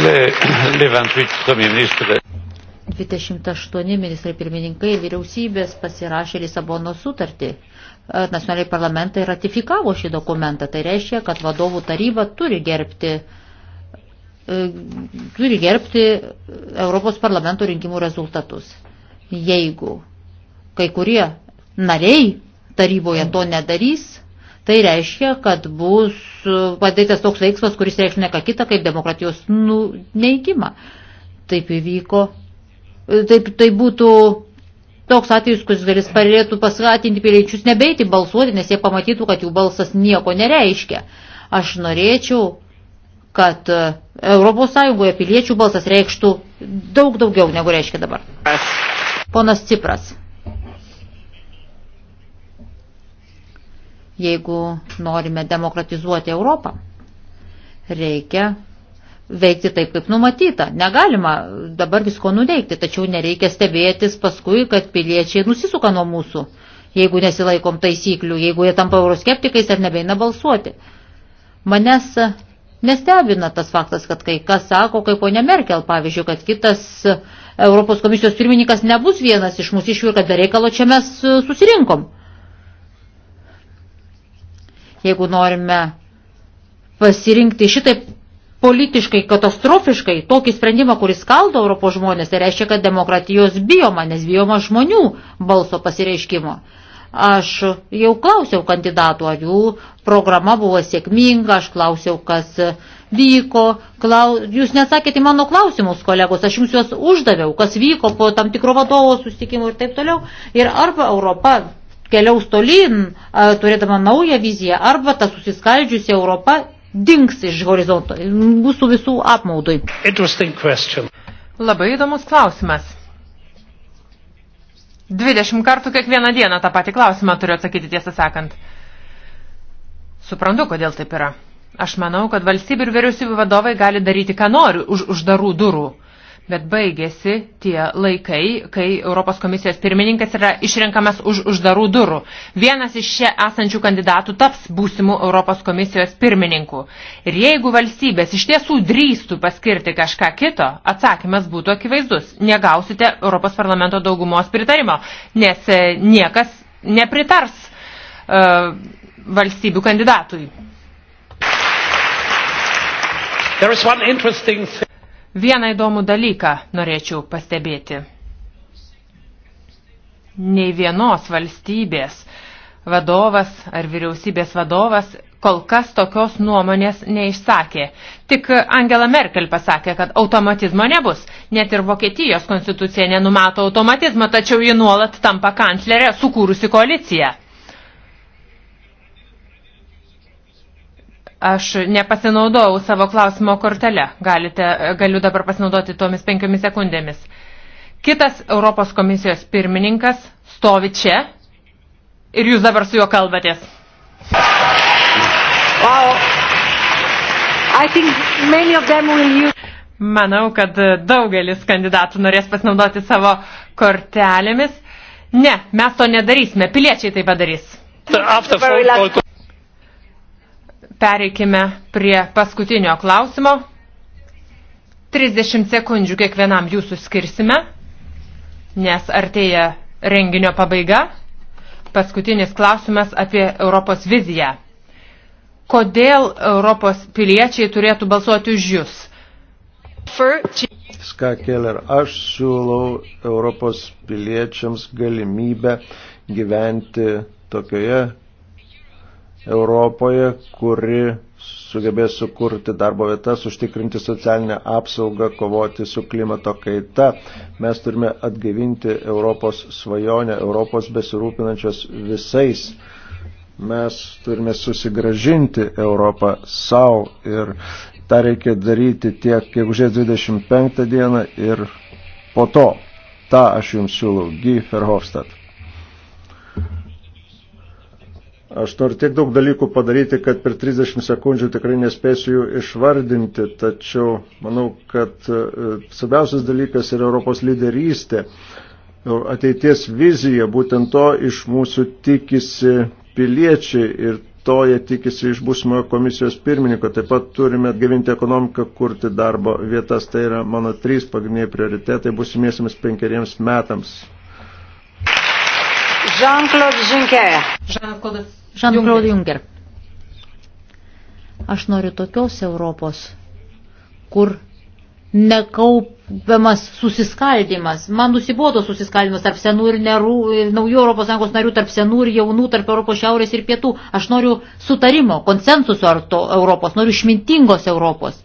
Le, le 28 ministrai pirmininkai ir vyriausybės pasirašė Lisabono sutartį. E, Nacionaliai parlamentai ratifikavo šį dokumentą. Tai reiškia, kad vadovų taryba turi gerbti uh, E, turi gerbti Europos parlamento rinkimų rezultatus. Jeigu kai kurie nariai taryboje to nedarys, tai reiškia, kad bus padėtas toks veiksmas, kuris reikš ne ką kitą kaip demokratijos nu, neigimą. Taip įvyko. E, taip, tai būtų toks atvejis, kuris galis parėtų paskatinti piliečius nebeiti balsuoti, nes jie pamatytų, kad jų balsas nieko nereiškia. Aš norėčiau, kad ES piliečių balsas reikštų daug daugiau negu reiškia dabar. Ponas Cipras. Jeigu norime demokratizuoti Europą, reikia veikti taip, kaip numatyta. Negalima dabar visko nuveikti, tačiau nereikia stebėtis paskui, kad piliečiai nusisuka nuo mūsų, jeigu nesilaikom taisyklių, jeigu jie tampa euroskeptikais ar nebeina balsuoti. Manęs Nestebina tas faktas, kad kai kas sako, kaip ponia Merkel, pavyzdžiui, kad kitas e, Europos komisijos pirmininkas nebus vienas iš mūsų iš jų ir kad be reikalo čia mes e, susirinkom. Jeigu norime pasirinkti šitai politiškai katastrofiškai tokį sprendimą, kuris skaldo Europos žmonės, tai reiškia, kad demokratijos bijoma, nes bijoma žmonių balso pasireiškimo. Aš jau klausiau kandidatų, ar jų programa buvo sėkminga, aš klausiau, kas vyko. Klau... Jūs nesakėte mano klausimus, kolegos, aš jums juos uždaviau, kas vyko po tam tikro vadovo susitikimų ir taip toliau. Ir arba Europa keliaus tolyn, turėdama naują viziją, arba ta susiskaldžiusi Europa dings iš horizonto, mūsų visų apmaudui. Labai įdomus klausimas. 20 kartų kiekvieną dieną tą patį klausimą turiu atsakyti, tiesą sakant. Suprantu, kodėl taip yra. Aš manau, kad valstybių ir vyriausybių vadovai gali daryti, ką nori už uždarų durų bet baigėsi tie laikai, kai Europos komisijos pirmininkas yra išrenkamas už uždarų durų. Vienas iš čia esančių kandidatų taps būsimų Europos komisijos pirmininku. Ir jeigu valstybės iš tiesų drįstų paskirti kažką kito, atsakymas būtų akivaizdus. Negausite Europos parlamento daugumos pritarimo, nes e, niekas nepritars uh, valstybių kandidatui. There is one interesting thing. Vieną įdomų dalyką norėčiau pastebėti. Nei vienos valstybės vadovas ar vyriausybės vadovas kol kas tokios nuomonės neišsakė. Tik Angela Merkel pasakė, kad automatizmo nebus. Net ir Vokietijos konstitucija nenumato automatizmo, tačiau ji nuolat tampa kanclerė sukūrusi koaliciją. Aš nepasinaudojau savo klausimo kortelę. Galite, galiu dabar pasinaudoti tomis penkiomis sekundėmis. Kitas Europos komisijos pirmininkas stovi čia ir jūs dabar su juo kalbatės. Wow. I think many of them will use... Manau, kad daugelis kandidatų norės pasinaudoti savo kortelėmis. Ne, mes to nedarysime. Piliečiai tai padarys. After phone call Pereikime prie paskutinio klausimo. 30 sekundžių kiekvienam jūsų skirsime, nes artėja renginio pabaiga. Paskutinis klausimas apie Europos viziją. Kodėl Europos piliečiai turėtų balsuoti už jūs? Ska Keller, aš siūlau Europos piliečiams galimybę gyventi tokioje Europoje, kuri sugebės sukurti darbo vietas, užtikrinti socialinę apsaugą, kovoti su klimato kaita. Mes turime atgaivinti Europos svajonę, Europos besirūpinančios visais. Mes turime susigražinti Europą savo ir tą reikia daryti tiek gegužės 25 dieną ir po to. Ta aš jums siūlau, Guy Verhofstadt. Aš noriu tiek daug dalykų padaryti, kad per 30 sekundžių tikrai nespėsiu jų išvardinti, tačiau manau, kad e, svarbiausias dalykas yra Europos lyderystė. E, ateities vizija, būtent to iš mūsų tikisi piliečiai ir to jie tikisi iš būsimojo komisijos pirmininko. Taip pat turime atgavinti ekonomiką, kurti darbo vietas. Tai yra mano trys pagrindiniai prioritetai būsimiesiams penkeriems metams. Jean-Claude Juncker. Jean-Claude Jean-Claude Juncker. Aš noriu tokios Europos, kur nekaupiamas susiskaldimas. Man nusibodo susiskaldimas tarp senų ir, nerų, ir naujų ES narių, tarp senų ir jaunų, tarp Europos šiaurės ir pietų. Aš noriu sutarimo, konsensuso ar to Europos, noriu išmintingos Europos.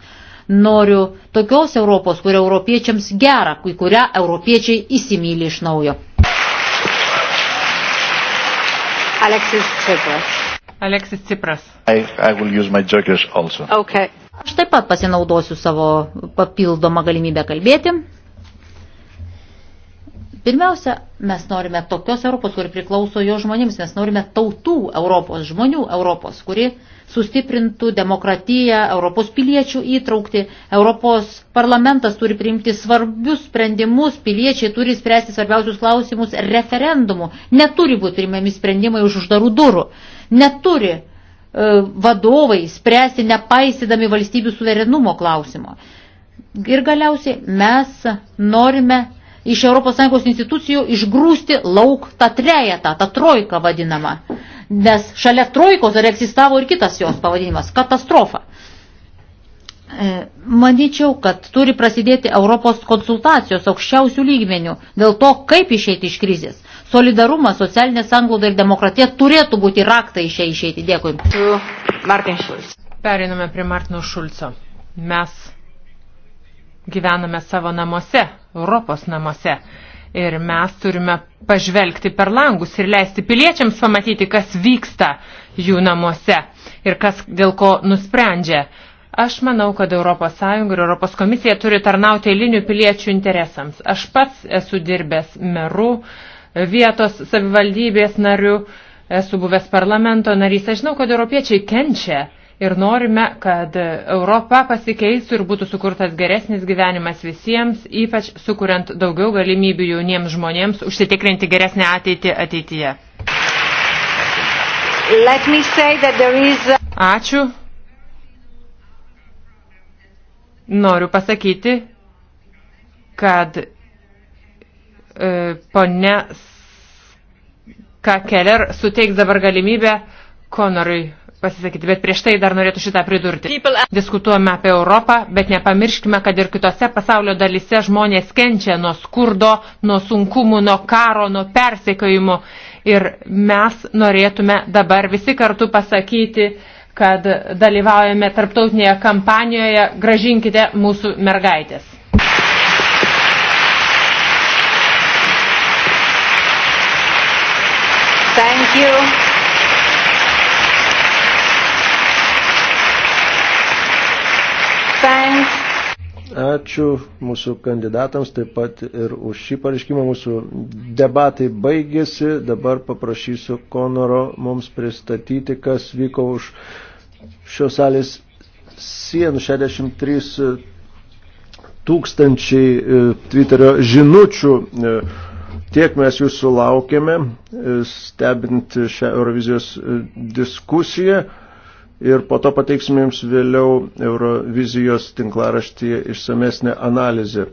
Noriu tokios Europos, kur europiečiams gera, kai kurią europiečiai įsimylė iš naujo. Alexis Tsipras. Alexis Tsipras. I, I will use my jokers also. Okay. Aš taip pat pasinaudosiu savo papildomą galimybę kalbėti. Pirmiausia, mes norime tokios Europos, kuri priklauso jo žmonėms, mes norime tautų Europos, žmonių Europos, kuri uh, sustiprintų demokratiją, Europos piliečių įtraukti. Europos parlamentas turi priimti svarbius sprendimus, piliečiai turi spręsti svarbiausius klausimus referendumu. Neturi būti primami sprendimai už uždarų durų. Neturi e, vadovai spręsti nepaisydami valstybių suverenumo klausimo. Ir galiausiai mes norime iš ES institucijų išgrūsti lauk tą trejetą, tą trojką vadinamą nes šalia trojkos dar egzistavo ir kitas jos pavadinimas – katastrofa. E, manyčiau, kad turi prasidėti Europos konsultacijos aukščiausių lygmenių dėl to, kaip išeiti iš krizės. Solidarumas, socialinė sanglauda ir demokratija turėtų būti raktai iš čia išeiti. Dėkui. Martin Schulz. Periname prie Martino Šulco. Mes gyvename savo namuose, Europos namuose. Ir mes turime pažvelgti per langus ir leisti piliečiams pamatyti, kas vyksta jų namuose ir kas dėl ko nusprendžia. Aš manau, kad ES ir ES komisija turi tarnauti eilinių piliečių interesams. Aš pats esu dirbęs meru, vietos savivaldybės nariu, esu buvęs parlamento narys. Aš žinau, kad europiečiai kenčia ir norime, kad Europa pasikeistų ir būtų sukurtas geresnis gyvenimas visiems, ypač sukuriant daugiau galimybių jauniems žmonėms užsitikrinti geresnę ateitį ateityje. Is... Ačiū. Noriu pasakyti, kad e, ponė Kakeler suteiks dabar galimybę Konorui pasisakyti, bet prieš tai dar norėtų šitą pridurti. Diskutuojame apie Europą, bet nepamirškime, kad ir kitose pasaulio dalise žmonės kenčia nuo skurdo, nuo sunkumų, nuo karo, nuo persekiojimų. Ir mes norėtume dabar visi kartu pasakyti, kad dalyvaujame tarptautinėje kampanijoje Gražinkite mūsų mergaitės. Thank you. Ačiū mūsų kandidatams, taip pat ir už šį pareiškimą mūsų debatai baigėsi. Dabar paprašysiu Konoro mums pristatyti, kas vyko už šios salės sienų 63 e, tūkstančiai e, Twitterio žinučių. E, tiek mes jūsų laukiame, stebint šią Eurovizijos diskusiją ir po to pateiksime jums vėliau Eurovizijos tinklaraštyje išsamesnę analizę.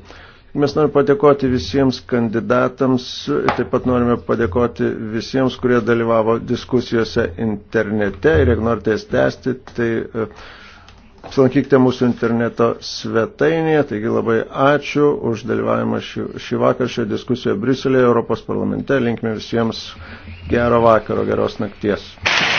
Mes norime padėkoti visiems kandidatams, taip pat norime padėkoti visiems, kurie dalyvavo diskusijose internete ir jeigu norite jas tęsti, tai e, apsilankykite mūsų interneto svetainėje. Taigi labai ačiū už dalyvavimą šį, šį vakarą šioje diskusijoje Briuselėje, Europos parlamente. Linkime visiems gero vakaro, geros nakties.